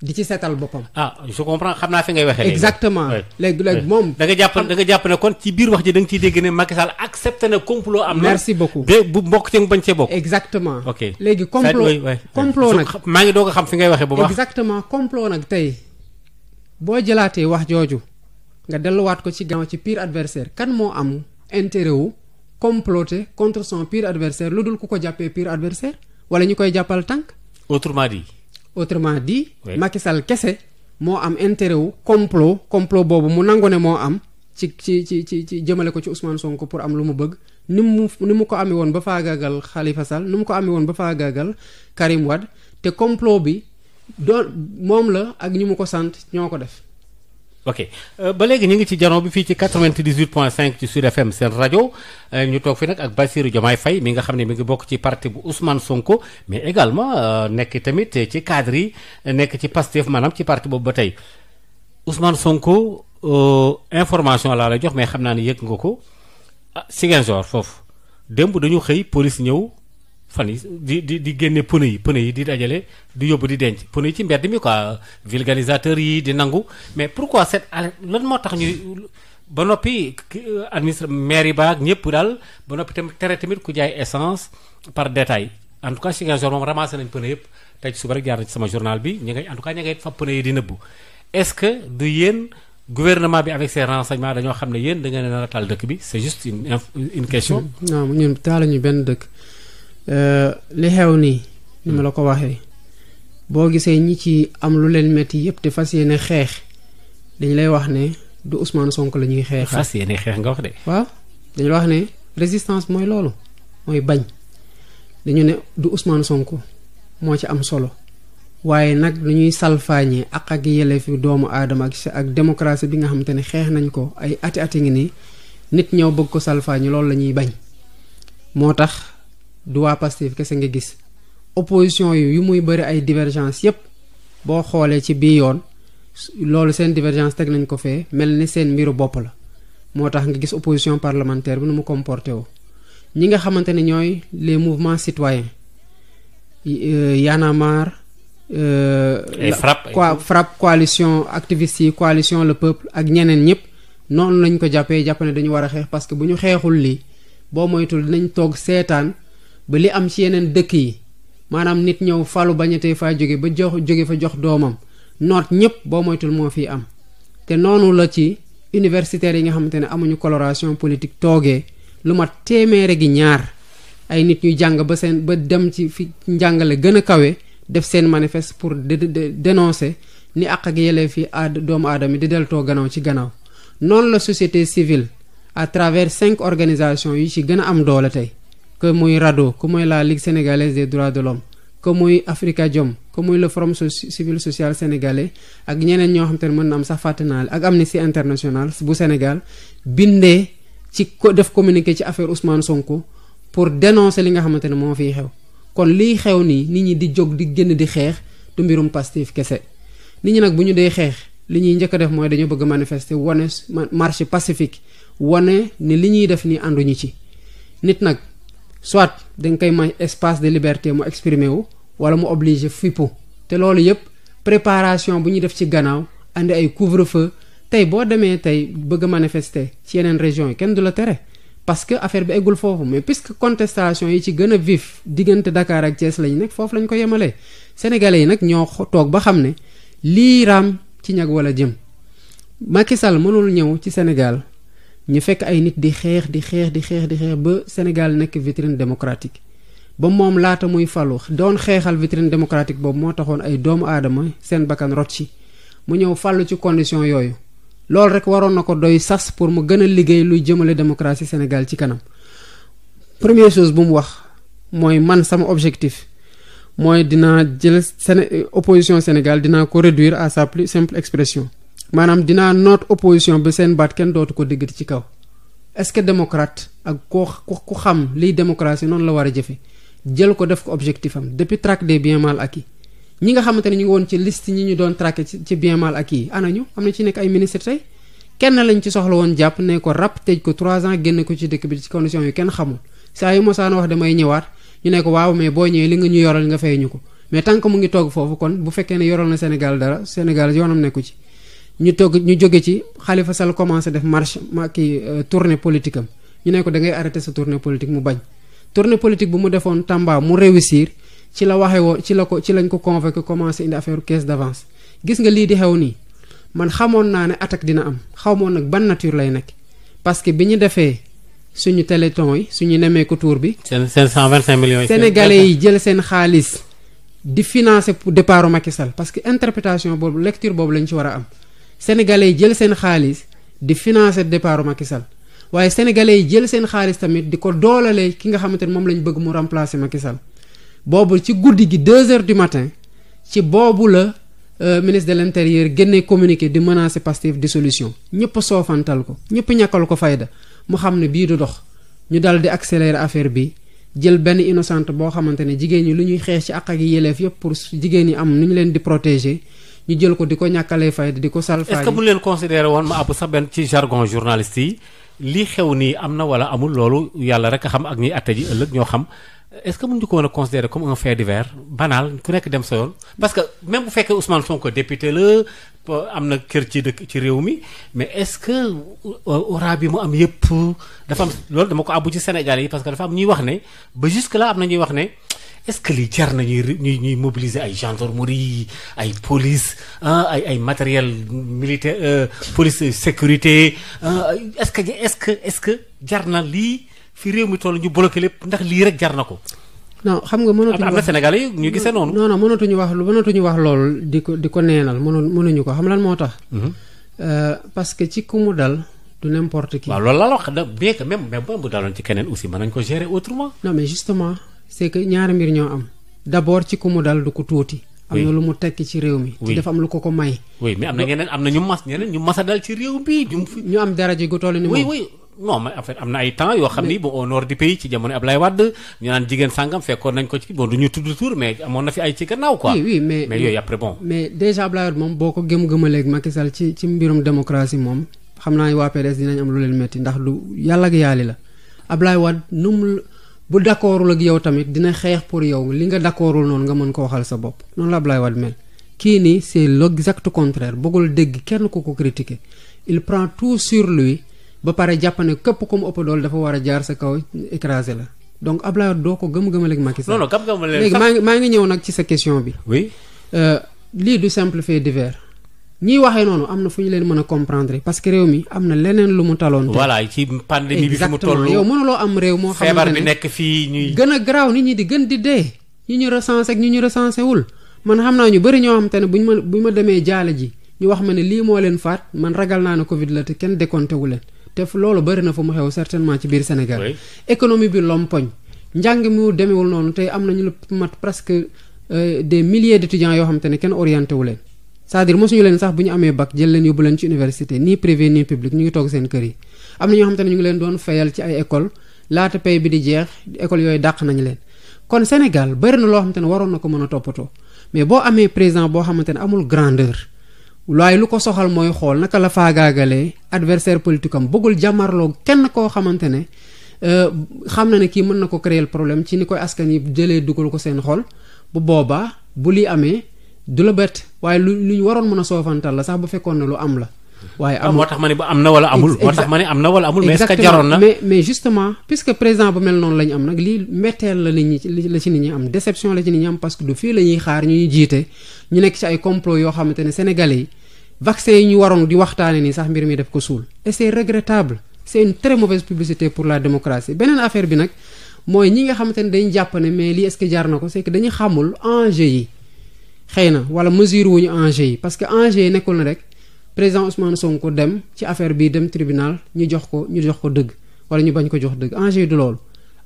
Speaker 2: di ci seetal boppam.
Speaker 1: ah je comprends xam naa fi ngay waxee. exactement léegi léegi moom. da nga jàpp da nga jàpp ne kon ci biir wax ji da nga ciy dégg ne Macky Sall accepté na complot am na. merci beaucoup de bu mbokk ci bañ cee bokk. exactement
Speaker 2: ok léegi complot complot nag maa ngi doog a xam fi ngay waxee bu baax. exactement complot nag tey boo jëlaatee wax jooju nga delluwaat ko ci gannaaw ci pire adversaire kan moo am intérêt wu comploter contre son pire adversaire lu dul ku ko jàppee pire adversaire wala ñu koy jàppal tànk.
Speaker 1: autrement dit.
Speaker 2: autrement di Oui. Macky Sall kese moo am intérêt wu complot complot boobu mu nangu ne moo am ci ci ci ci ci jëmale ko ci Ousmane sonk pour am lu mu bëgg ni mu ni mu ko amee woon ba faagaagal Khalifa sal ni mu ko amee woon ba faagaagal Karim Wade te complot bi doon moom la ak ñi mu ko sant ñoo ko def.
Speaker 1: ok euh, ba léegi ñu ngi ci jano bi fii ci 98 point 5 ci Sud FM seen rajo euh, ñu toog fi nag ak Bassirou Diomaye fay mi nga xam ne mi ngi bokk ci parti bu Ousmane Sonko mais également euh, nekk tamit ci cadre yi nekk ci Pastef maanaam ci parti boobu ba tey Ousmane Sonko information laa la jox mais xam naa ne yëg nga ko ah Ziguinchor foofu démb dañu xëy police ñëw. fan yi di di di génne pneu yi pneu yi di dajale di yóbbu di denc pneu yi ci mbedd mi quoi vulgarisateur yi di nangu mais pourquoi cette lan moo tax ñuy ba noppi euh, administre maire yi baag ñëpp daal ba noppi tamit tere tamit ku jaay essence par détail en tout cas Ziguinchor moom ramassé nañ yëpp tey sama journal bi ñu ngay en que du yéen gouvernement bi avec ses renseignements dañoo xam ne yéen da ngeen a taal dëkk bi c'est juste une une question.
Speaker 2: non ñun taal ñu benn dëkk. Euh, li xew nii ni ma la ko waxee boo gisee ñi ci am lu leen metti yëpp te fas yéene xeex dañu lay wax ne du usmaan sonk la ñuy xeex. fas
Speaker 1: xeex nga wax
Speaker 2: de. waaw dañu la wax ne résistance mooy loolu mooy bañ dañu ne du usmaan Sonko moo ci am solo waaye nag lu ñuy salfaañee ak ak yelleefu doomu aadama ak ak démocratie bi nga xamante ne xeex nañ ko ay ati ati ngi nii nit ñëw bëgg ko salfaañi loolu la ñuy bañ moo tax. du waa kese nga gis opposition yi yu muy bëri ay divergence yépp boo xoolee ci bii yoon loolu seen divergence teg nañ ko fee mel ni seen mbiru bopp la moo tax nga gis opposition parlementaire bi nu mu comporté wo ñi nga xamante ne ñooy les mouvements citoyens euh, Y'en a marre euh, quoi FRAPP coalition activistes yi coalition la peuple ak ñeneen ñëpp noonu lañ ko jàppee jàpp ne dañu war a xeex parce que bu ñu xeexul li boo moytul dinañ toog seetaan ba li am ci yeneen dëkk yi maanaam nit ñëw falu bañatee faa jóge ba jox jóge fa jox doomam noot ñëpp boo moytul moo fi am te noonu la ci universitaires yi nga xamante ne amuñu coloration politique toogee lu mat téeméere gi ñaar ay nit ñuy jàng ba seen ba dem ci fi njàngale gën a kawe def seen manifeste pour dénoncer ni àq ak yelleef fi aad doomu aadam yi di deltoo gannaaw ci gannaaw noonu la société civile à travers cinq organisations yu ci gën a am doole tey que muy RADDHO que muy la Ligue sénégalaise des droits de l'homme que muy Afrikajom que muy le forum civil social sénégalais ak ñeneen ñoo xam ne mën na am sax fàtte naa ak Amnesty International bu Sénégal bindee ci ko def communiqué ci affaire Ousmane Sonko pour dénoncer li nga xamante ne moo fi xew kon liy xew nii nit ñi di jóg di génn di xeex du mbirum Pastef kese nit ñi nag bu ñu dee xeex li ñuy njëkk def mooy dañu bëgg manifester wane marche pacifique wane ni li ñuy def nii ànduñu ci soit dañ koy may espace de liberté mu exprimer wu wala mu obligé fippu te loolu yëpp préparation bu ñuy def ci gannaaw andi ay couvre-feu tey boo demee tey bëgg a manifester ci yeneen régions yi kenn du la tere parce que affaire bi eggul foofu mais puisque contestation yi ci gën a vif diggante Dakar ak Thiès lañu nekk foofu lañ ko yemalee sénégalais yi nag ñoo toog ba xam ne lii raam ci ñag wala jëm Macky mënul ñëw ci Sénégal ñu fekk ay nit di xeex di xeex di xeex di xeex ba Sénégal nekk vitrine démocratique ba moom laata muy falu doon xeexal vitrine démocratique boobu moo taxoon ay doomu aadama seen bakkan rot ci mu ñëw fàllu ci condition yooyu loolu rek waroon na ko doy sas pour mu gën a liggéey luy jëmale démocratie Sénégal ci kanam premier chose bu mu wax mooy man sama objectif mooy dinaa jël Séné opposition Sénégal dinaa ko réduire à sa plus simple expression maanaam dinaa noot opposition bi seen baat kenn dootu ko déggati ci kaw est-ce que démocrate ak koo ku xam liy démocratie noonu la war a jëfe jël ko def ko objectif am depuis traque des biens mal ñi nga xamante ne ñu ngi woon ci liste ñi ñu doon traqué ci bien mal acquis yi ana ñu am na ci nekk ay ministre tey kenn lañ ci soxla woon jàpp ne ko rap tëj ko 3 ans génn ko ci dëkk bi ci condition yu kenn xamul saa yu mosaana wax damay ñëwaat ñu ne ko waaw mais boo ñëwee li nga ñu yoral nga fay ñu ko mais tant que mu ngi toog foofu kon bu fekkee ne yoral na Sénégal dara Sénégal yoonam nekku ci ñu togg ñu jóge ci Khalifa sal commencé def marche ma kii euh, tournée politique am ñu ne ko da ngay arrêté sa tournée politique mu bañ tournée politique bu mu defoon Tamba mu réussir ci la waxee woon ci la ko ci lañ ko convoqué commencé indi affaire caisse d'avance gis nga lii di xew nii man xamoon naa ne attaque dina am xaw xamoon nag ban nature lay nekk parce que bi ñu defee suñu téléthon yi suñu nemee ko tour bi.
Speaker 1: seen seen cent millions yi. Sénégalais yi
Speaker 2: jël seen xaalis di financer pour départ Macky Sall parce que interprétation boobu lecture boobu lañ ci war a am. sénégalais yi jël seen xaalis di financer départ Macky Sall waaye sénégalais yi jël seen xaalis tamit di ko doolale ki nga xamante ne moom lañ bëgg mu remplacer Macky Sall boobu ci guddi gi deux heures du matin ci boobu la euh, ministre de l' génne communiqué di menacer di dissolution ñëpp soofantal ko ñëpp ñàkkal ko fayda mu xam ne bii du dox ñu dal di accélérer affaire bi jël benn innocente boo xamante ne jigéen ñi lu ñuy xeex ci àq ak yelleef yëpp pour jigéen ñi am nu ñu leen di protéger ñu jël ko di ko ñàkkalee fayda di ko salfaañi. est-ce que bu
Speaker 1: leen considéré woon ma àpp sax benn ci jargon journaliste yi lii xew nii am na wala amul loolu yàlla rek a xam ak ñiy atte ji ëllëg ñoo xam est-ce que mën ñu ko woon a considérer comme un fait divers banal ku nekk dem sa yoon. parce que même bu fekkee Ousmane Sonko député la am na kër ci dëkk ci réew mi mais est-ce que euh, aura bi mu am yëpp dafa am loolu dama ko àbbu ci Sénégal yi parce que dafa am ñuy wax ne ba jusque am na ñuy wax ne. est-ce que lii jar na ñuy ñuy ñuy mobiliser ay gendarmerie ay police ay ay matériel militaire euh, police sécurité est-ce que est-ce que est-ce que jar na lii fi réew mi toll ñu bloqué lépp ndax lii rek jar na ko.
Speaker 2: non xam nga mënatuñu am na Sénégalais ñu gisee noonu. non non mënatuñu wax mënatuñu wax loolu di ko di ko neenal mënu mënuñu ko xam lan moo tax. Mhm. Euh, parce que ci ku mu dal. du n'importe qui. waaw loolu
Speaker 1: laa la wax nag bien que même même bu daloon ci keneen aussi mën nañu ko gérer autrement.
Speaker 2: non mais justement c'est que ñaari mbir ñoo am d'abord ci ku mu dal du ko tuuti. am na lu mu tekki ci réew mi. ci dafa am lu ko ko may.
Speaker 1: am na a dal ci réew ay temps yoo xam ni bon au nord du ci jamono Ablaye Wade ñu naan ko ci bon du ñu tudd tur mais amoon na fi ay ci gannaaw quoi. oui oui mais mais
Speaker 2: yooyu moom boo ko gëm-gëmaleeg Macky ci mbirum démocratie moom xam naa ne waa PDS dinañ am lu leen métti ndax lu yàlla ak yàlli la Ablaye Wade nu mu bu d'accordul ak yow tamit dina xeex pour yow li nga d'accordul noonu nga mën ko waxal sa bopp noonu la Ablaye Wade mel kii nii c'est l'exact contraire bëggul dégg kenn ku ko critiquer il prend tout sur lui ba pare jàpp ne képp ku mu ëpp dool dafa war a jaar sa kaw écraser la donc Ablaye doo ko gëm-gëmal ak Macky Sall. non non léegi maa ngi maa ngi ñëw nag ci sa question bi. oui. Euh, lii du simple fait divers. ñiy waxee noonu am na fu ñu leen mën a comprendre parce que réew mi am na leneen lu mu taloon. voilà
Speaker 1: ci pandémie bi fi mu toll yow
Speaker 2: mënuloo am réew moo. xamante ne feebar nekk fii ñuy. gën a garaaw nit ñi di gën di dee ñi ñu recensé ak ñi ñu recensé wul man xam naa ñu bëri ñoo xam te ne buñ ma bu ma demee jaale ji ñu wax ma ne lii moo leen faat man ragal naa ne Covid la te kenn décompté wu leen te loolu bëri na fu mu xew certainement ci biir Sénégal. économie bi lompoñ njàng mu demewul noonu tey am nañu lu mat presque euh, des milliers d'étudiants yoo xam ne kenn orienté wu c'est-à-dire mosuñu leen sax bu ñu amee bac jël leen yóbbu leen ci université nii privé nii public ñu ngi toog seen kër yi am na ñoo xamante ne ñu ngi leen doon fayal ci ay école laata pay bi di jeex école yooyu dàq nañu leen kon Sénégal bëri na loo xamante ne waroon na ko mën a toppatoo mais boo amee président boo xamante ne amul grandeur waaye lu ko soxal mooy xool naka la faagaagalee adversaire politique am bëggul jàmmarloo kenn koo xamante ne euh, xam na ne kii mën na ko créer problème ci ni koy askan yi jëlee dugal ko seen xol bu boobaa bu li amee du la bett waaye lu ñu waroon mën a soofantal la sax bu fekkoon ne lu am la. waaye ah, amul moo tax ma ne
Speaker 1: ba am wala amul. moo tax ma am na wala amul. mais est-ce que jaroon na mais
Speaker 2: mais justement puisque président bu mel noonu la ñu am nag lii mbetteel la nit la ci nit ñi am déception la ci nit ñi am parce que du fii la ñuy xaar ñuy jiite ñu nekk ci ay complot yoo xamante ne sénégalais yi vaccin yi ñu waroon di waxtaane nii sax mbir mi def ko suul. et c'est regrettable c'est une très mauvaise publicité pour la démocratie beneen affaire bi nag mooy ñi nga xamante ne dañu jàpp ne mais lii na ko c'est que dañu xamul enjeu yi. xëy na wala mesure wu ñu enjeu yi parce que enjeu yi nekkul na rek président sonk Sonko dem ci affaire bii dem tribunal ñu jox ko ñu jox ko dëgg wala ñu bañ ko jox dëgg enjeu yi du loolu.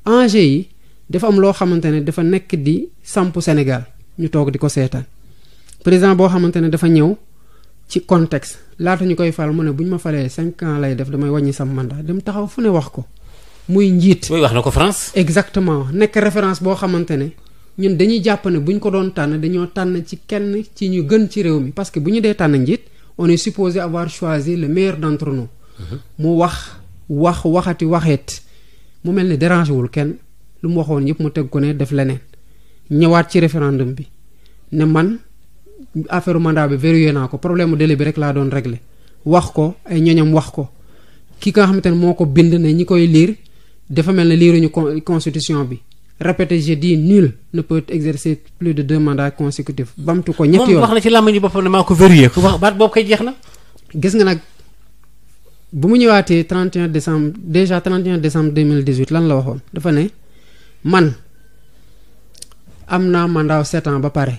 Speaker 2: enjeu yi dafa am loo xamante ne dafa nekk di samp Sénégal ñu toog di ko seetaan président boo xamante ne dafa ñëw ci contexte laata ñu koy fal mu ne bu ñu ma falee cinq ans lay def damay wàññi sam mandat dem taxaw fu ne wax ko. muy njiit. muy wax na ko France. exactement nekk référence boo xamante ne. ñun dañuy jàpp ne bu ñu ko doon tànn dañoo tànn ci kenn ci ñu gën ci réew mi parce que bu ñu dee tànn njiit on est supposé avoir choisi le meilleur d'entre nous mhm. mu wax wax waxati waxeet mu mel ni dérangé wul kenn lu mu waxoon yëpp mu teg ko ne def leneen ñëwaat ci référendum bi ne man affaire mandat bi verrouillé naa ko problème mu délai bi rek laa doon réglé wax ko ay ñoñam wax ko ki nga xamante ne moo ko bind ne ñi koy liir dafa mel ne liiruñu constitution bi répété j'ai dit nul ne peut exercer plus de deux mandats consécutifs bamtu ko ñetti yoon moom wax na ci làmmiñu boppam ne maa ko verrouillé ku wax baat boobu koy jeex na. gis nga nag bu mu ñëwaatee 31 décembre déjà mille décembre 2018 lan la waxoon dafa ne man am naa mandat sept ans ba pare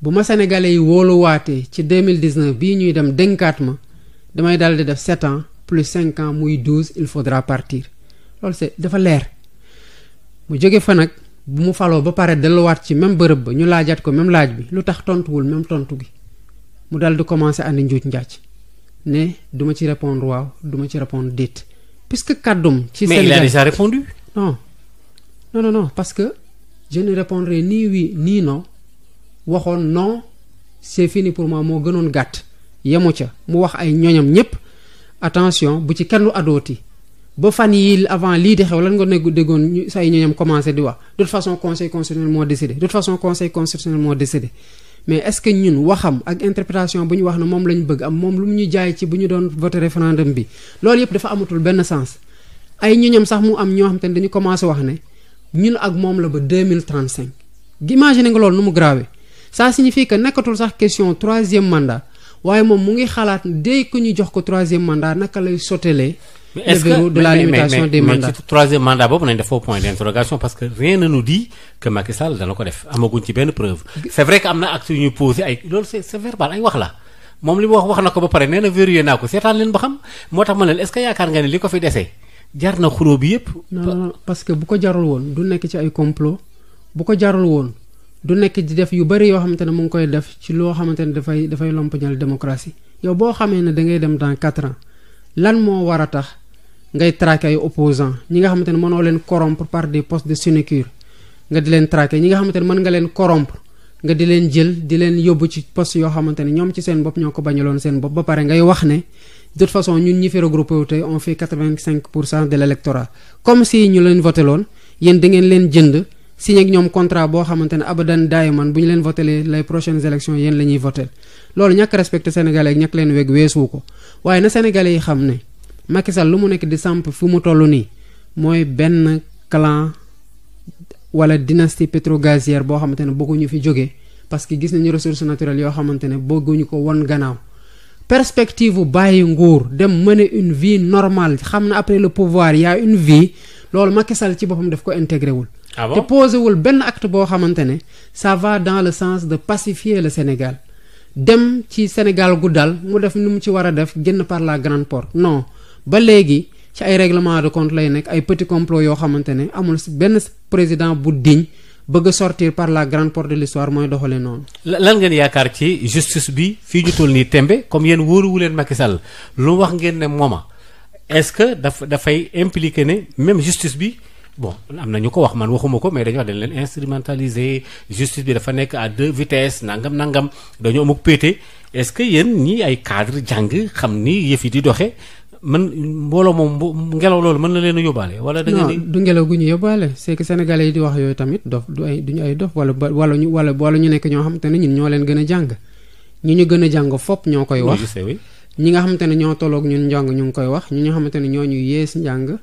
Speaker 2: bu ma sénégalais yi wóoluwaatee ci 2019 bii ñuy dem dénkaat ma damay daal di def sept ans plus cinq ans muy douze il faudra partir loolu dafa leer. mu jóge fa nag bu mu faloo ba pare delluwaat ci même bërëb ba ñu laajaat ko même laaj bi lu tax tontuwul même tontu gi mu daldi di commencé andi njuuj njaaj ne duma ci répondre waaw duma ci répondre déet puisque kàddum ci mais il a no répondu non non non non parce que je ne répondrai ni oui ni non waxoon non c'est fini pour moi moo gënoon gàtt yemu ca mu wax ay ñoñam ñépp attention bu ci kenn lu adooti ba fan yii avant lii di xew lan nga nekk déggoon ñu sa ñu ñoom commencé di wax de façon conseil constitutionnel moo décidé de toute façon conseil constitutionnel moo décidé mais est-ce que ñun waxam ak interprétation bu ñu wax ne moom lañu bëgg am moom lu mu ñu jaay ci bu ñu doon voté référendum bi loolu yëpp dafa amatul benn sens ay ñoñam sax mu am ñoo xam te ne dañu commencé wax ne ñun ak moom la ba 2035 imagine nga loolu nu mu grave ça signifie que nekkatul sax question troisième mandat waaye moom mu ngi xalaat dès que ñu jox ko troisième mandat naka lay sotelee le verrou de la limitation des mandats mais ci
Speaker 1: troisième boobu nañ def foofu point d'interrogation parce que rien ne nous dit que Macky Sall dana ko def amaguñ ci benn preuve. c'est vrai am na actes yu ñu posé ay loolu c'est c'est ay wax la moom li mu wax wax na ko ba pare nee na verrouillé naa ko seetaan leen ba xam moo tax ma ne est-ce que yaakaar nga ne li ko na
Speaker 2: xuloo bi yépp. non non bu ko jarul woon du nekk ci ay complot bu ko jarul woon. du nekk di def yu bari yoo xamante ne mu ngi koy def ci loo xamante ne dafay dafay lomp ñal démocratie yow boo xamee ne da ngay dem dans quatre ans lan moo war a tax ngay traqué ay opposants ñi nga xamante ne mënoo leen corrompre par des postes de sinécure nga di leen traqué ñi nga xamante ne mën nga leen corrompre nga di leen jël di leen yóbbu ci poste yoo xamante ne ñoom ci seen bopp ñoo ko loon seen bopp ba pare ngay wax ne de toute façon ñun ñi fi regroupé wu tey on fait pour cent de l' comme si ñu leen voté loon yéen da ngeen leen jënd signé ak ñoom contrat boo xamante ne abadan daayiman bu ñu leen voté les prochaines élections yéen la ñuy voté loolu ñàkk respecté sénégalais ak ñàkk leen weg weesuwu ko waaye na sénégalais yi xam ne Macky Sall lu mu nekk di samp fu mu toll nii mooy benn clan wala dynastie pétrogazière boo xamante ne ñu fi jóge parce que gis nañu ressources naturelles yoo xamante ne bëgguñu ko won gannaaw perspective bàyyi nguur dem mener une vie normale xam na après le pouvoir y une vie loolu makisal Sall ci boppam daf ko intégré wul ah bon? te posé benn acte boo xamante ne ça dans le sens de pacifier le Sénégal dem ci Sénégal gu dal mu def ni mu ci war a def genn par la grande porte non ba léegi ci ay règlement de compte lay nekk ay petit complot yoo xamante ne amul benn président bu diñ bëgg a sortir par la grande porte de l'histoire mooy doxale noonu.
Speaker 1: lan ngeen yaakaar ci justice bi fii ñu toll nii tembe comme yéen wóoruwu leen Macky Sall wax ngeen ne mooma est-ce que daf dafay impliquer ne même justice bi. bon am na ñu ko wax man waxuma ko mais dañoo wax dañ leen instrumentaliser justice bi dafa nekk à deux vitesses nangam nangam dañoo amuk péete est-ce que yéen ñi ay cadre jàng xam ni yëf yi di doxee man mbooloo moom ngelaw loolu mën na leen a yóbbaale. wala da nga
Speaker 2: du ngelaw gu ñu yóbbaale c'est que yi di wax yooyu tamit dof du ay du ñu ay dof wala ba wala ñu ñu nekk ñoo xamante ne ñun ñoo leen gën a jàng ñu ñu gën a jàng fopp ñoo koy wax. ñi nga xamante ne ñoo tolloog ñun njàng ñu ngi koy wax ñi xamante ne ñoo ñu yées njàng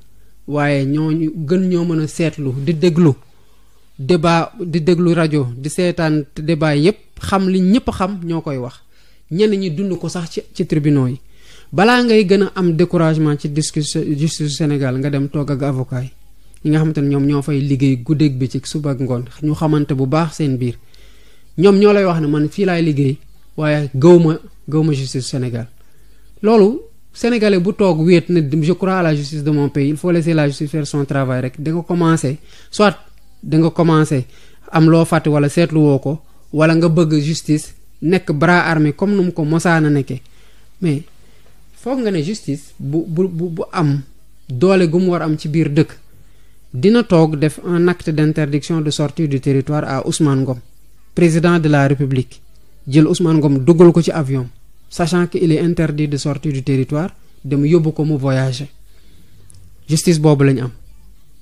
Speaker 2: waaye ñu gën ñoo mën a seetlu di déglu débat di déglu rajo di seetaan débat yépp xam li ñëpp xam ñoo koy wax ñenn ñi dund ko sax ci ci tribunaux yi balaa ngay gën a am découragement ci justice Sénégal nga dem toog ak avocat yi ñi nga xamante ne ñoom ñoo fay liggéey guddeeg bi ci suba ak ngoon ñu xamante bu baax seen biir ñoom ñoo lay wax ne man fii laay liggéey waaye gëw ma gëw ma justice Sénégal loolu sénégalais bu toog wéet ne je crois la justice de mon pays il faut laisser la rek da nga commencé soit da nga commencé am loo fàtte wala seetlu woo ko wala nga bëgg justice nekk bras armé comme nu mu ko mosaana nekkee mais foog nga ne justice bu bu bu, bu am doole gu mu war am ci biir dëkk dina toog def un acte d'interdiction de sortie du territoire à Ousmane Ngom président de la République jël Ousmane Ngom dugal ko ci avion sachant que il est interdit de sortie du territoire dem yóbbu ko mu voyager justice boobu lañ am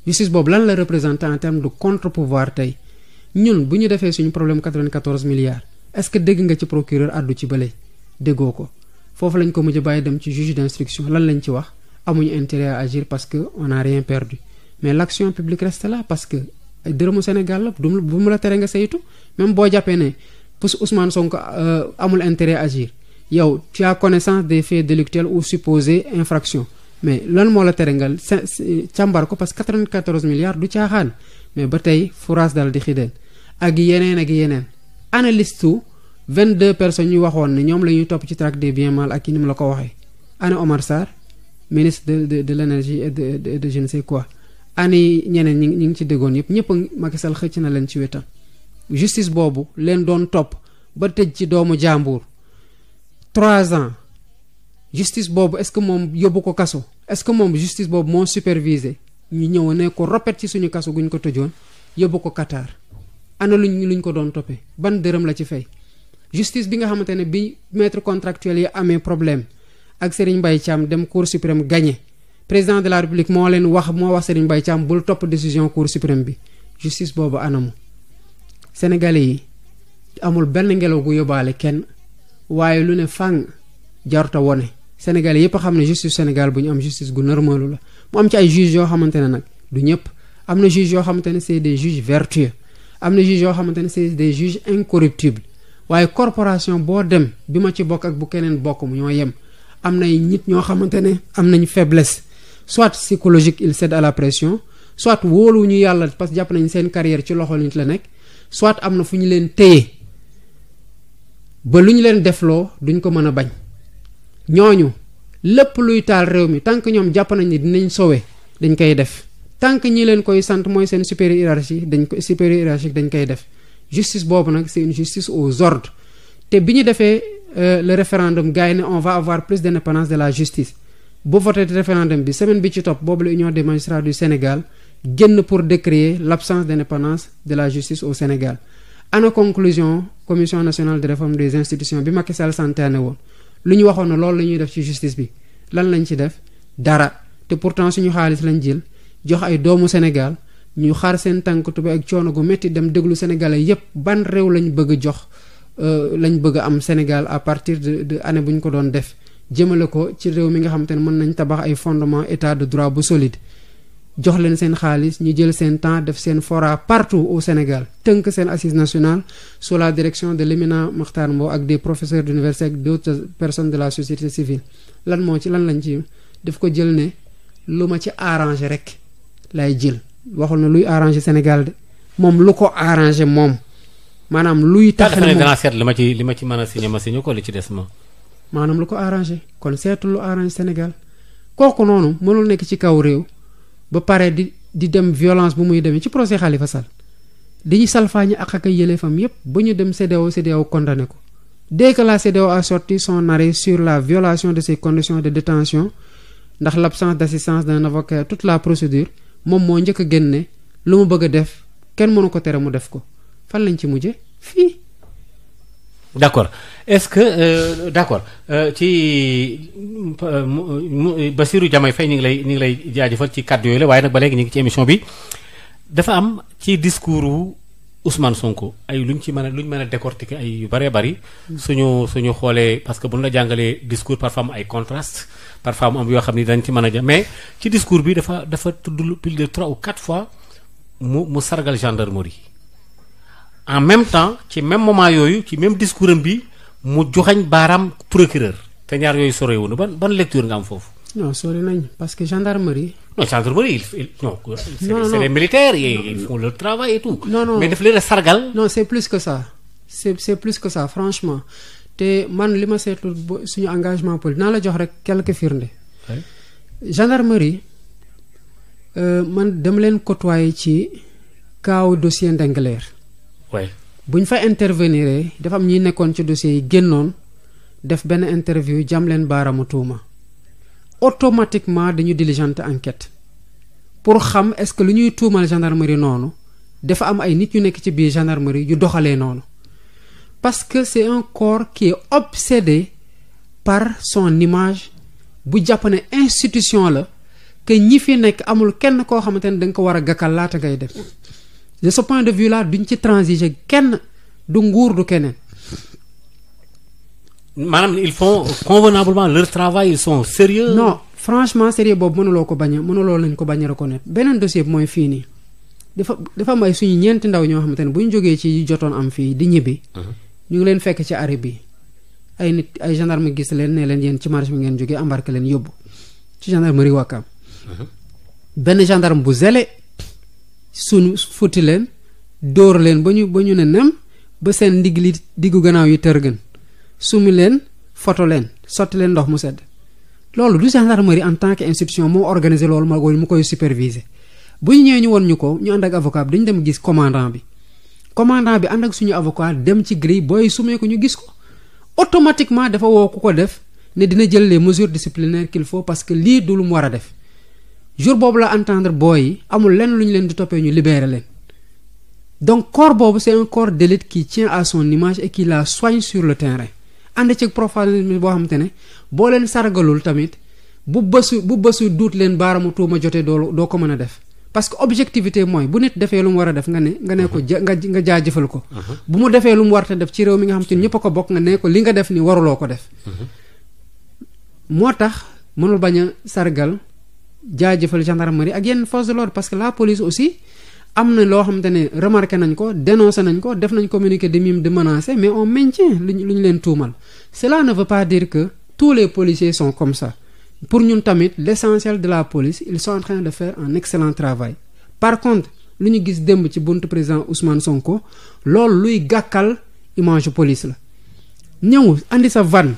Speaker 2: justice boobu lan la représentant terme termes de contre-pouvoir tey ñun bu ñu defee suñu problème 94 milliards est-ce que dégg nga ci procureur àddu ci bële déggoo ko foofu lañ ko mujj bàyyi dem ci juge d'instruction lan lañ ci wax amuñu intérêt agir parce que on n'a rien perdu mais l'action publique reste là parce que dërëmu Sénégal la du bu mu la tere nga saytu même boo jàppee ne pour Ousmane Sonko euh, amul intérêt à agir yow tu as connaissance des faits délictuels ou supposés infraction mais lan moo la tere nga càmbar ko parce que 94 milliards du caaxaan mais ba tey fourage dal di xideen ak yeneen ak yeneen vingt deux personnes yu waxoon ni ñoom la ñuy topp ci traque des biens mal ak yi ni mu la ko waxee ana Omar Sarr ministre de de de l' énergie et de de je ne sais quoi ñeneen ñi ñi ngi ci déggoon yëpp ñëpp a Macky Sall xëcc na leen ci wetam justice boobu leen doon topp ba tëj ci doomu jàmbur 3 ans justice boobu est ce que moom yóbbu ko kaso est ce que moom justice boobu moo supervisé ñu ñëw ne ko ropet ci suñu kaso guñ ko tëjoon yóbbu ko Qatar ana luñ luñ ko doon toppee ban dërëm la ci fay. justice bi nga xamante ne bi maître contractuel yi amee problème ak seriñ Mbaye Thiam dem cour suprême gagné président de la république moo leen wax moo wax seriñ Mbaye Thiam bul topp décision cour suprême bi justice boobu anamu sénégalais yi amul benn ngelaw gu yóbbaale kenn waaye lu ne fàng jarto wone sénégalais yëpp xam ne justice Sénégal bu ñu am justice gu normalu la mu am ci ay juges yoo xamante ne nag du ñëpp am na juges yoo xamante ne c'est des juges vertueux am na juges yoo xamante ne c'est des juges incorruptibles waaye corporation boo dem bi ma ci bokk ak bu keneen bokk mu ñoo yem am nay nit ñoo xamante ne am nañu faiblesse soit psychologique il cède à la pression soit wóolu ñu yàlla parce que jàpp nañ seen carrière ci loxo nit la nekk soit am na fu ñu leen téye ba lu ñu leen defloo duñ ko mën a bañ ñoo ñooñu lépp luy taal réew mi tant que ñoom jàpp nañ ni dinañ sowe dañ koy def tant que ñi leen koy sant mooy seen supérieur hiérarchie dañ ko supérieur hiérarchique dañ koy def justice boobu nag c'est une justice aux ordres te bi ñu defee euh, le référendum gars yi ne on va avoir plus d'indépendance de la justice bu voté référendum bi semaine bi ci topp boobu la union des magistrats du Sénégal génn pour décréer l'absence d'indépendance de la justice au Sénégal ana conclusion commission nationale de réforme des institutions bi Macky Sall santaane woon lu ñu waxoon ne loolu la ñuy def ci justice bi lan lañ ci def dara te pourtant suñu xaalis lañ jël jox ay doomu Sénégal ñu xaar seen tànk tuba ak coono gu métti dem déglu sénégalais yépp ban réew lañu bëgg a jox euh, lañ bëgg am Sénégal à partir de de année bu ñu ko doon def jëmale ko ci réew mi nga xam ne mën nañ tabax ay fondement état de droit bu solide jox leen seen xaalis ñu jël seen temps def seen fora partout au Sénégal tënk seen assise national sous la direction de liminant Makhtar Mbow ak des professeurs d'université ak d'autres personnes de la société civile lan moo ci lan lañ ci daf ko jël ne lu ma ci arrangé rek lay jël waxul na luy arrangé Sénégal de moom lu ko arrangé moom maanaam luy. tax na moom danaa
Speaker 1: seet li ma ci li ma ci mën a signé ma signé li ci des ma.
Speaker 2: maanaam lu ko arrangé kon seetul lu arrangé Sénégal kooku noonu mënul nekk ci kaw réew ba pare di di dem violence bu muy demee ci procès Khalifa sal dañuy salfaañi ak ak fam yëpp ba ñu dem CEDEAO CEDEAO condamné ko. dès que la CEDEAO a son arrêt sur la violation de ses conditions de détention ndax l'absence d'assistance d'un avocat toute la procédure. moom moo njëkk a génne lu mu bëgg a def kenn mënu ko tere mu def ko fan lañ ci mujje fii
Speaker 1: d'accord est-ce que euh, d'accord euh, ci euh, Bassirou Diomaye Faye ñu ngi lay ñu ngi lay jaajëfal ci kàddu yooyu la waaye nag ba léegi ñu ngi ci émission bi dafa am ci discours Ousmane Sonko ay luñ ci mën a luñ mën a décortiquer ay yu bëree bëri. suñu suñu xoolee parce que buñ la jàngalee discours parfois mu ay contraste parfois mu am yoo xam ni dañ ci mën a ja mais ci discours bi dafa dafa tudd plus de trois ou quatre fois mu mu sargal gendarmerie. en même temps ci même moment yooyu ci même discours bi mu joxañ baaraam procureur te ñaar yooyu sorewuñu ban ban lecture nga am foofu.
Speaker 2: parce que gendarmerie.
Speaker 1: non gendarmerie il, il non. non c'est les militaires et ils et
Speaker 2: tout. leen sargal. non c'est plus que ça c'est c'est plus que ça franchement te man li ma seetlu suñu engagement poli dinaa la jox rek quelque firnde. gendarmerie euh, man dem leen côtoyer ci kaaw dossier Ndingler. waay bu fa intervenir dafa am ñi nekkoon ci dossier yi génnoon def benn interview jam leen baaraamu tuuma. automatiquement dañu diligenter enquête pour xam est-ce que lu ñuy tuumal gendarmerie noonu dafa am ay nit ñu nekk ci biir gendarmerie yu doxalee noonu parce que c'est un corps qui est obsédé par son image bu jàpp ne institution la que ñi fi nekk amul kenn koo xamante ne da ko war a gàkkal laata ngay def de ce point de vue là duñ ci transiger kenn du nguur du keneen
Speaker 1: maanaam ils font
Speaker 2: convenablement
Speaker 1: leur travail ils sont sérieux
Speaker 2: non franchement sérieux boobu mënuloo ko bañ mënuloo lañ ko bañ a reconnaître beneen dossier bi mooy fii nii dafa dafa may suñu ñeenti ndaw ñoo xamante ne bu ñu jógee ci jotoon am fii di ñibbi. ñu ngi leen fekk ci arrêt bi ay nit ay gendarme gis leen nee leen yéen ci marché bi ngeen jógee embarqué leen yóbbu ci gendarmerie Wakaam. benn gendarme bu zélé suñu futti leen dóor leen ba ñu ba ñu ne nem ba seen ndigli diggu gannaaw yi tër gën summi leen foto leen sotti leen ndox mu sedd loolu du gendarmerie en tant que institution moo organiser loolu ma mu koy superviser bu ñu ñëwee ñu woon ñu ko ñu ànd ak avocat bi dañu dem gis commandant bi commandant bi ànd ak suñu avocat dem ci grille booy sumee ko ñu gis ko automatiquement dafa woo ku ko def ne dina jël les mesures disciplinaires qu'il faut parce que lii du lu mu war a def jour boobu la entendre booy yi amul lenn lu ñu leen di toppee ñu libérer donc corps boobu c'est un corps d'élite qui à son image et la soigne sur le terrain ànd ci professionnalisme boo xamante ne boo leen sargalul tamit bu bësu bu bësu duut leen baaramu tuuma jotee doo doo ko mën a def parce que objectivité mooy bu nit defee lu mu war a def nga ne nga ne ko uh-huh. ja nga nga jëfal ko uh-huh. bu mu defee lu mu war a def ci réew mi nga xam te ñëpp a ko bokk nga ne ko li nga def ni waruloo ko def uh-huh. moo tax mënul bañ a sargal jaajëfal gendarmerie ak yenn force de l'ordre parce que la police aussi am na loo xamante ne remarqué nañ ko dénoncé nañ ko def nañ communiqué de mime de menacé mais on maintient lu ñu leen tuumal cela ne veut pas dire que tous les policiers son comme ça pour ñun tamit l'essentiel de la police ils sont en train de faire un excellent travail par contre lu ñu gis démb ci buntu président Ousmane Sonko loolu luy gàkkal image police la ñëw andi sa van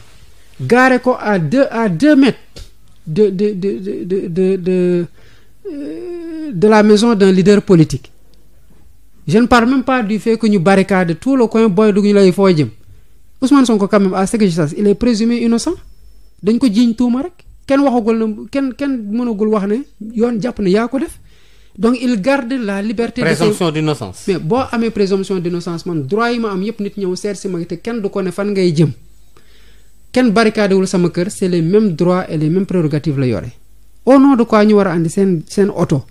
Speaker 2: gaare ko à deux à deux mètres de de de de de de. Euh, de la maison d'un leader politique je ne parle même pas du fait ñu barricade tout le coin booy dugg ñu lay fooy jëm Ousmane Sonko quand même à ce que il est présumé innocent dañ ko jiiñ tuuma rek kenn waxagul na kenn kenn mënagul wax ne yoon jàpp na yaa ko def donc il garde la liberté. présomption d'innocence mais boo amee présomption d'innocence man droit yi ma am yépp nit ñëw seet si ma te kenn du ko ne fan ngay jëm kenn barricadewul sama kër c'est le mêmes droits et les mêmes prérogatives la yore oto.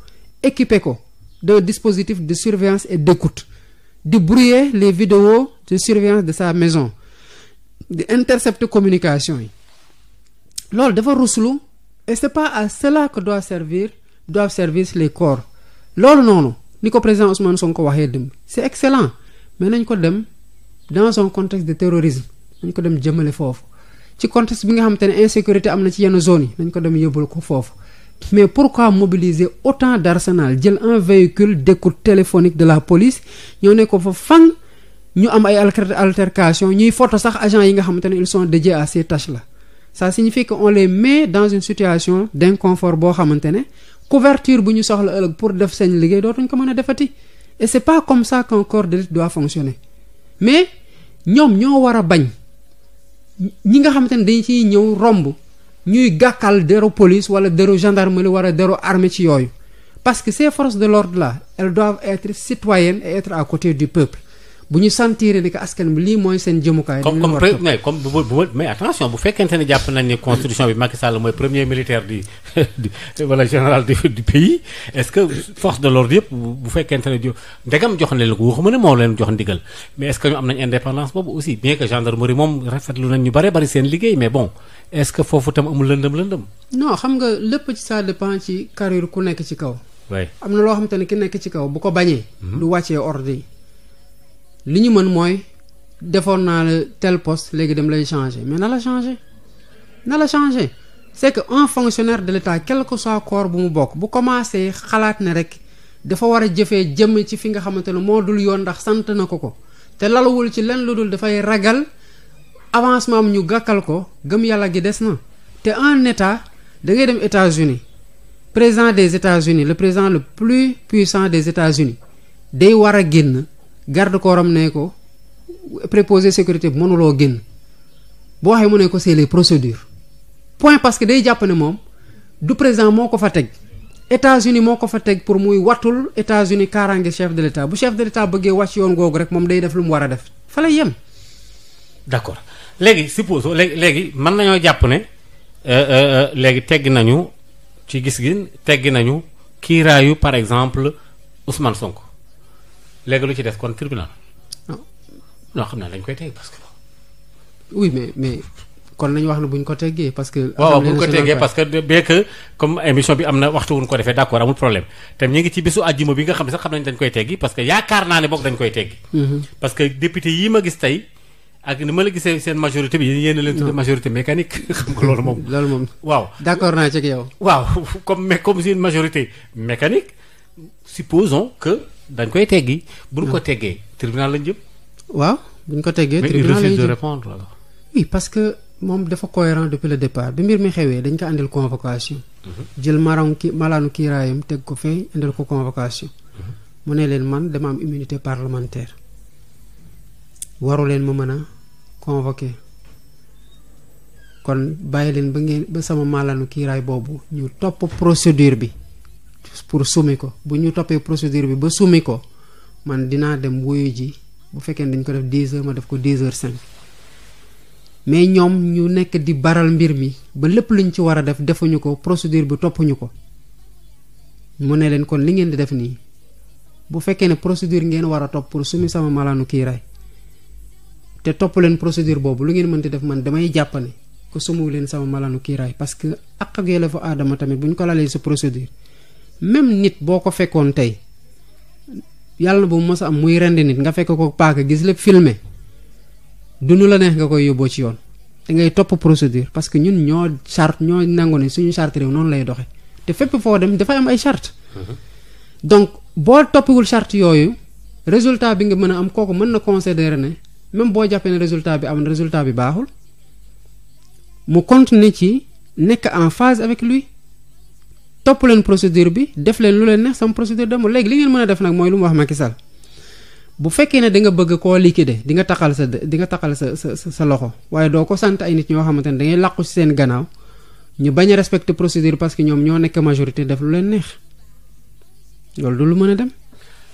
Speaker 2: équiper ko d'un dispositif de surveillance et d'écoute di brouiller les vidéos de surveillance de sa maison di intercepter communication yi loolu dafa ruslu et c'est pas à cela que doit servir doivent servir les corps loolu noonu ni ko président Ousmane ko waxee dem c'est excellent mais nañ ko dem dans un contexte de terrorisme nañ ko dem jëmale foofu ci contexte bi nga xamante ne insécurité am na ci yenn zones yi nañ ko dem yóbbul ko foofu mais pour pourquoi mobiliser autant d'arsenal jël un véhicule d'écoute téléphonique de la police ñoo ne ko fa fan ñu am ay altercation ñuy photo sax agents yi nga xamante ne ils sont dédiés à ces la là ça signifie que on les met dans une situation d'inconfort boo xamante ne couverture bu ñu soxla ëllëg pour def seen liggéey dootuñ ko mën a defati et c'est pas comme ça qu'un corps d'élite doit fonctionner mais ñoom ñoo war a bañ ñi nga xamante ne dañ ciy ñëw romb ñuy gàkkal deru police wala deru gendarmerie wala deru armée ci yooyu parce que ces forces de l'ordre la elles doivent être citoyennes et être à côté du peuple bu ñu sentir ne que askan bi lii mooy seen jëmukaay. comme comme
Speaker 1: mais comme bu mais attention bu fekkente ne jàpp nañ ne constitution bi Macky Sall mooy premier militaire du wala général du du pays est force de l'ordre yëpp bu fekkente ne jo ndegam jox na ko waxuma ne moo leen jox ndigal mais est ce que ñu am nañ indépendance boobu aussi bien que gendarmerie moom rafetlu nañ ñu bare bari seen liggéey mais bon est ce que foofu tam amul lëndëm lëndëm.
Speaker 2: non xam nga lépp am na loo xamante ne ki nekk ci kaw ko bañee. Mhm. du wàccee ordre yi. li ñu mën mooy defoon naa la tel poste léegi dem lay changer mais na la changer na la changer c'est que un fonctionnaire de l'État quel que soit corps bu mu bokk bu commencé xalaat na rek dafa war a jëfee jëm ci fi nga xamante ne moo dul yoon ndax sant na ko ko te lalawul ci lenn lu dul dafay ragal avancement am ñu gàkkal ko gëm yàlla gi des na te un État da ngay dem États-Unis président des États-Unis le président le plus puissant des États-Unis day war a génn garde corps am ne ko préposé sécurité bi mënuloo génn boo waxee mu ne ko c'est les point parce que day jàpp ne moom du président moo ko fa teg États-Unis moo ko fa teg pour muy wattul États-Unis kaaraange chef de l'État bu chef de l'État bëggee wàcc yoon googu rek moom day def lu mu war a def fa lay yem.
Speaker 1: d'accord léegi suppose léegi léegi mën nañoo jàpp ne euh, euh, euh, léegi tegg nañu ci gis gi tegg nañu kiiraayu par exemple Ousmane Sonko. léegi lu ci des kon tribunal. non xam naa dañ koy tey parce
Speaker 2: wax ne bu ñu ko teggee parce que. waaw bu ñu ko teggee parce
Speaker 1: que bien que comme émission bi am na waxtu wuñ ko defee d' accord amul problème te ñu ngi ci bésu àjjuma bi nga xam ne sax xam nañ dañ koy teggi parce que yaakaar naa ne boog dañ koy teggi. Mm-hmm. parce que député yi ma gis tey ak ni ma la gisee seen majorité bi yéen a leen tuddee majorité mécanique xam
Speaker 2: nga loolu moom. loolu moom waaw d' naa ci ak yow.
Speaker 1: waaw comme mais comme dañ koy teggi. buñ ko teggee tribunal lañ jëm.
Speaker 2: waaw buñ ko teggee. tribunal lañ jëm mais parce que moom dafa cohérent depuis le départ bi mbir mi xewee dañ ko andil convocation. Mhm. jël maraam ki malaanu kiiraayam teg ko fee indil ko convocation. Mhm. mu ne leen man dama am immunité parlementaire waru leen ma mën a convoqué kon bàyyi leen ba ngeen ba sama malaanu kiiraay boobu ñu topp procédure bi. pour summi ko bu ñu toppee procédure bi ba summi ko man dinaa dem wuyu ji bu fekkee ne dañ ko def 10 heures ma def ko 10 heures 5 mais ñoom ñu nekk di baral mbir mi ba lépp luñ ci war a def defuñu ko procédure bi toppuñu ko mu ne leen kon li ngeen di def nii bu fekkee ne procédure ngeen war a topp pour summi sama malaanu kiiraay te topp leen procédure boobu lu ngeen mën di def man damay jàpp ne ko sumuw leen sama malaanu kiiraay parce que ak ak yelleefu aadama tamit bu ñu ko lalee sa procédure même nit boo ko fekkoon tey yàlla na bu mu mës a am muy rendi nit nga fekk ko paaka gis lépp filmé du nu la neex nga koy yóbboo ci yoon da ngay topp procédure parce que ñun ñoo charte ñoo nangu ne suñu charte réew noonu lay doxe te fépp foo dem dafay am ay charte mhm. donc boo toppiwul charte yooyu résultat bi nga mën a am kooku mën na considérer ne même boo jàppee ne résultat bi am résultat bi baaxul mu continuer ci nekk en phase avec lui topp leen procédure bi def leen lu leen neex sama procédure demul léegi li ngeen mën a def nag mooy lu mu wax Macky Sall bu fekkee ne da nga bëgg koo liquider di nga taxal sa dinga nga sa sa sa loxo waaye doo ko sant ay nit ñoo xamante ne da ngay làqu si seen gannaaw ñu bañ a respecter procédure parce que ñoom ñoo nekk majorité def lu leen neex loolu du lu mën a dem.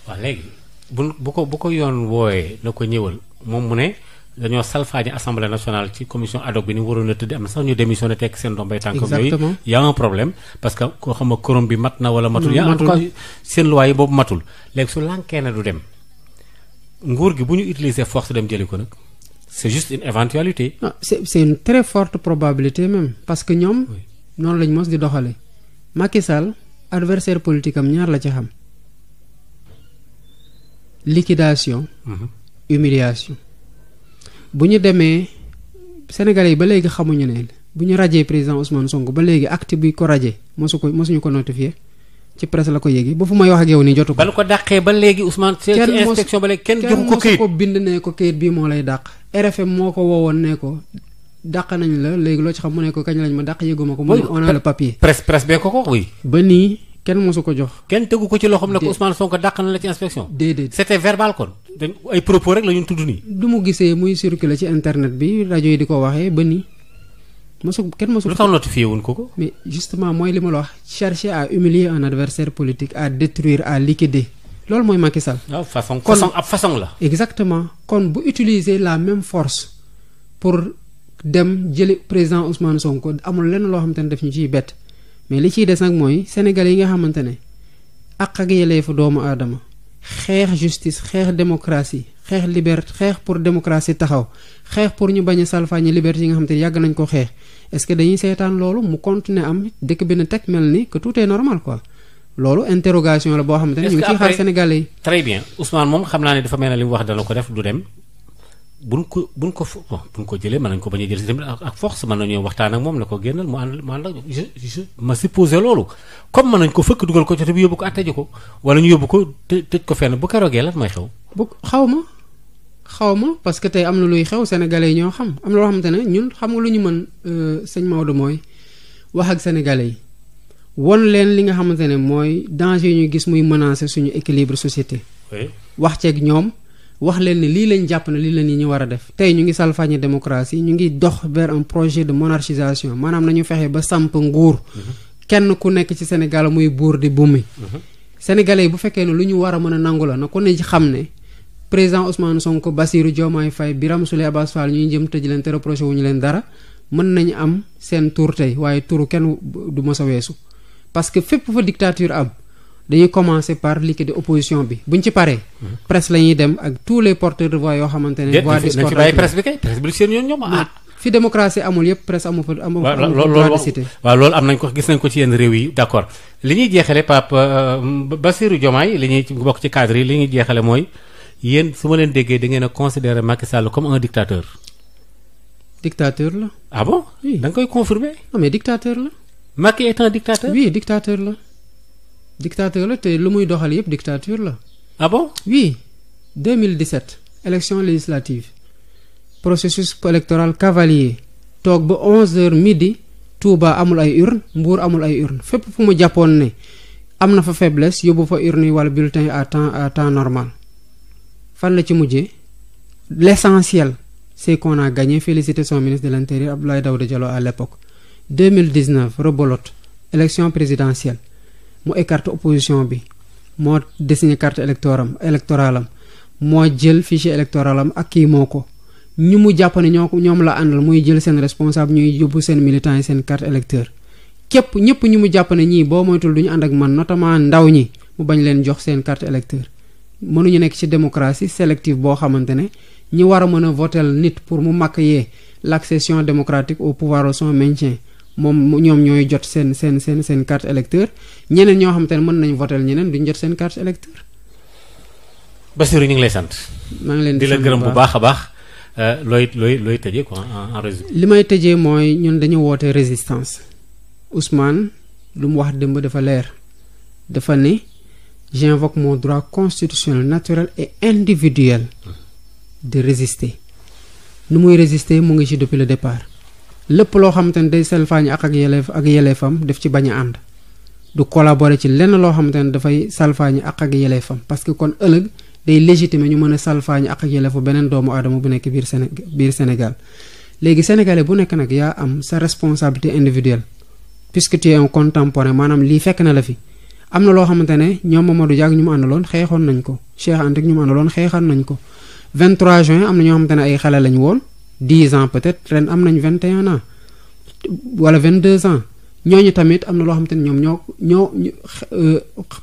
Speaker 1: waaw léegi bu bu ko bu ko yoon wooyee na ko ñëwal moom mu ne. dañoo salfaañi assemblée nationale ci commission ad bi ni waroon a tëdd am na sax ñu démissionné tekk seen dombay tànk yooyu y a un problème parce que koo xam ne quorum bi mat na wala matul ya en tout cas seen loi yi boobu matul léegi su lànkee na du dem nguur gi bu ñu utiliser force dem jëli ko nag c'est juste une éventualité
Speaker 2: seen ah, c'est très forte probabilité même parce que ñoom noonu lañ mos di doxale Macky Sall adversaire politique am ñaar la ci xam liquidation mhm. bu ñu demee sénégalais yi ba léegi xamuñu ne bu ñu rajee président Ousmane sonk ba léegi acte bi ko rajee mosu ko mosuñu ko notifié ci presse la ko yéegi ba fu may wax ak yow nii jotu ba lu ko dàqee ba léegi Ousmane. ci inspection ba léegi kenn joxu ko ko bind ne ko kayit lay dàq. RFM moo ko woowoon ne ko dàq nañ la léegi loo ci xam mu ne ko kañ lañ ma dàq ko. mu ne on a ko ko oui. ba nii ko jox. kenn
Speaker 1: tegu ko ci loxoom ne ko Ousmane Sonko dàq na la ci inspection. déedéet c'était verbal kon. dañ ay propos rek la ñu tudd
Speaker 2: du mu gisee muy circuler ci internet bi rajo yi di ko waxee ba ni mosu kenn mosu. lu tax notifié wuñ ko ko. mais justement mooy li ma la wax chercher à humilier un adversaire politique à détruire à liquider loolu mooy Macky Sall. waaw ah, façon façon la. exactement kon bu utiliser la même force pour dem jëli président Ousmane Sonko amul lenn loo xamante ne def ñu ciy bett mais li ciy des nag mooy sénégal yi nga xamante ne àq ak yelleefu doomu aadama. xeex justice xeex démocratie xeex liberté xeex pour démocratie taxaw xeex pour ñu bañ a salfaañi liberté yi nga xam te yàgg nañ ko xeex est que dañuy seetaan loolu mu continuer am dëkk bi na teg mel ni que tout normal quoi loolu interrogation la boo xamante ne ñu ngi ciy xaar Sénégalais
Speaker 1: yi. bien Ousmane moom xam naa ne dafa mel na li wax dana ko def du dem. bu ko buñ ko bon buñ ko jëlee man nañ ko bañ a jël si tamit ak force mën nañoo waxtaan ak moom ne ko génnal mu ànd mu ànd ak ma supposé loolu comme mën nañ ko fëkk dugal ko cote bi yóbbu ko attaji ko wala ñu yóbbu ko tëj ko fenn bu keroogee lan may xew
Speaker 2: bu xaw ma xaw ma parce que tey am na luy xew sénégalais yi ñoo xam am na loo xamante ne ñun xam lu ñu mën euh, sëñ Maodo mooy wax ak sénégalais yi won leen li nga xamante ne mooy danger yi ñu gis muy menacer suñu équilibre société wax ceeg ñoom wax leen ni lii leen jàpp na lii leen nit ñu war a def tey ñu ngi salfaañe démocratie ñu ngi dox vers projet de monarchisation maanaam nañu fexe ba samp nguur kenn ku nekk ci Sénégal muy buur di bumi sénégalais yi bu fekkee ne lu ñu war a mën a nangu la na ku ne xam ne président Ousmane Sonko Bassirou Diomaye Faye Birame Souleye Abass Fall ñuy jëm tëj leen te reproché wu ñu leen dara mën nañu am seen tur tey waaye turu kenn du mos a weesu parce que fépp fa dictature am dañuy commencer par liquider opposition bi buñ ci paree. presse la dem ak tous les porteurs de voix yoo xamante ne. voix bi kay presse bi seen yoon ñoom ah. fi démocratie amul yëpp presse amul fa
Speaker 1: loolu am nañ ko gis nañ ko ci yenn réew yi d'accord li ñuy jeexale Pape euh, Bassirou Diomaye li ñuy bokk ci cadre yi li ñuy jeexale mooy yéen su ma leen déggee da ngeen a considérer Macky Sall comme un dictateur.
Speaker 2: dictateur la. ah bon da koy la. dictateur la tey lu muy doxal yëpp dictature la. ah bon oui 2017 élection législative processus électoral cavalier toog ba 11h midi Touba amul ay urne Mbour amul ay urne fépp fu mu jàppoon ne am na fa faiblesse yóbbu fa urne yi wala bulletin à temps temps normal fan la ci mujjee l'essentiel c'est qu'on a gagné féliciter son ministre de l'intérieur Abdoulaye Daouda Diallo à l'époque 2019 rebolote élection présidentielle. mu écarté opposition bi moo désigné carte électoram électoralam moo jël fichier électoralam ak kii moo ko ñu mu jàpp ne ñoo ñoom la àndal muy jël seen responsable ñuy yóbbu seen militan yi seen carte électeur képp ñëpp ñu mu jàpp ne ñii boo moytul du ñu ànd ak man notamment ndaw ñi mu bañ leen jox seen carte électeur ñu nekk ci démocratie sélective boo xamante ne ñi war a mën a votel nit pour mu makk yee l'accession démocratique au pouvoir son maintien moom ñoom ñooy jot seen seen seen seen carte électeur ñeneen ñoo xam te ne mën nañu votel ñeneen duñ jot seen carte électeur
Speaker 1: Bassirou ñu ngi lay sant. maa ngi leen di la gërëm baax a baax. Euh, looy looy looy tëjee quoi en résumé.
Speaker 2: li may tëjee mooy ñun dañu woote résistance Ousmane lu mu wax démb dafa leer dafa ne j'invoque mon droit constitutionnel naturel et individuel de résister nu muy résister mu ngi ci depuis le départ. lépp loo xamante ne day salfaañi ak ak yeleef ak yeleefam def ci bañ a ànd du collaborer ci lenn loo xamante ne dafay salfaañi ak ak yeleefam parce que kon ëllëg day légitimer ñu mën a salfaañi ak ak yeleefu beneen doomu aadama bu nekk biir Séné biir Sénégal léegi sénégalais bu nekk nag yaa am sa responsabilité individuelle puisque tu es un maanaam lii fekk na la fi am na loo xamante ne ñoom Mamadou Diack ñu mu àndaloon xeexoon nañ ko Cheikh Anta ñu mu àndaloon xeexoon nañ ko 23 juin am na ñoo xamante ne ay xale lañ woon dix ans peut-être ren am nañu vingt et un ans wala vingt deux ans ñooñu tamit am na loo xam te ne ñoom ñoo ñoo euh,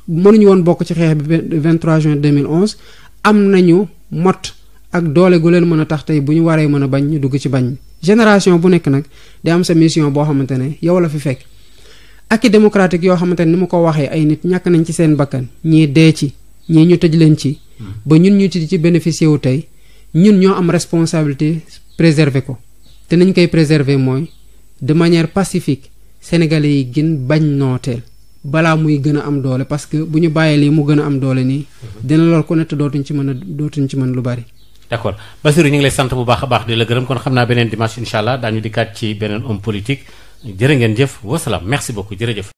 Speaker 2: mënuñu woon bokk ci xeex bi vingt trois juin deux mille onze am na ñu mot ak doole gu leen mën a tax tey bu ñu waree mën a bañ ñu dugg ci bañ génération bu nekk nag di am sa mission boo xamante ne yow la fi fekk ak i démocratique yoo xamante ne ni mu ko waxee ay nit ñàkk nañ ci seen bakkan ñii dee ci ñii ñu tëj leen ci hmm. ba ñun ñu ci ci bénéficier wu tey ñun ñoo am responsabilité préserver ko te nañ koy préserver mooy de manière pacifique sénégalais yi gën bañ nooteel balaa muy gën a am doole parce que bu ñu bàyyee lii mu gën a am doole nii. Mhm. dina lor ko nett dootuñ ci mën a dootuñ ci mën lu bari.
Speaker 1: d'accord Bassirou ñu lay sant bu baax a baax di la gërëm kon xam naa beneen dimanche incha allah daañu dikkaat ci beneen homme politique jërë ngeen jëf wasalaam merci beaucoup jërëjëf.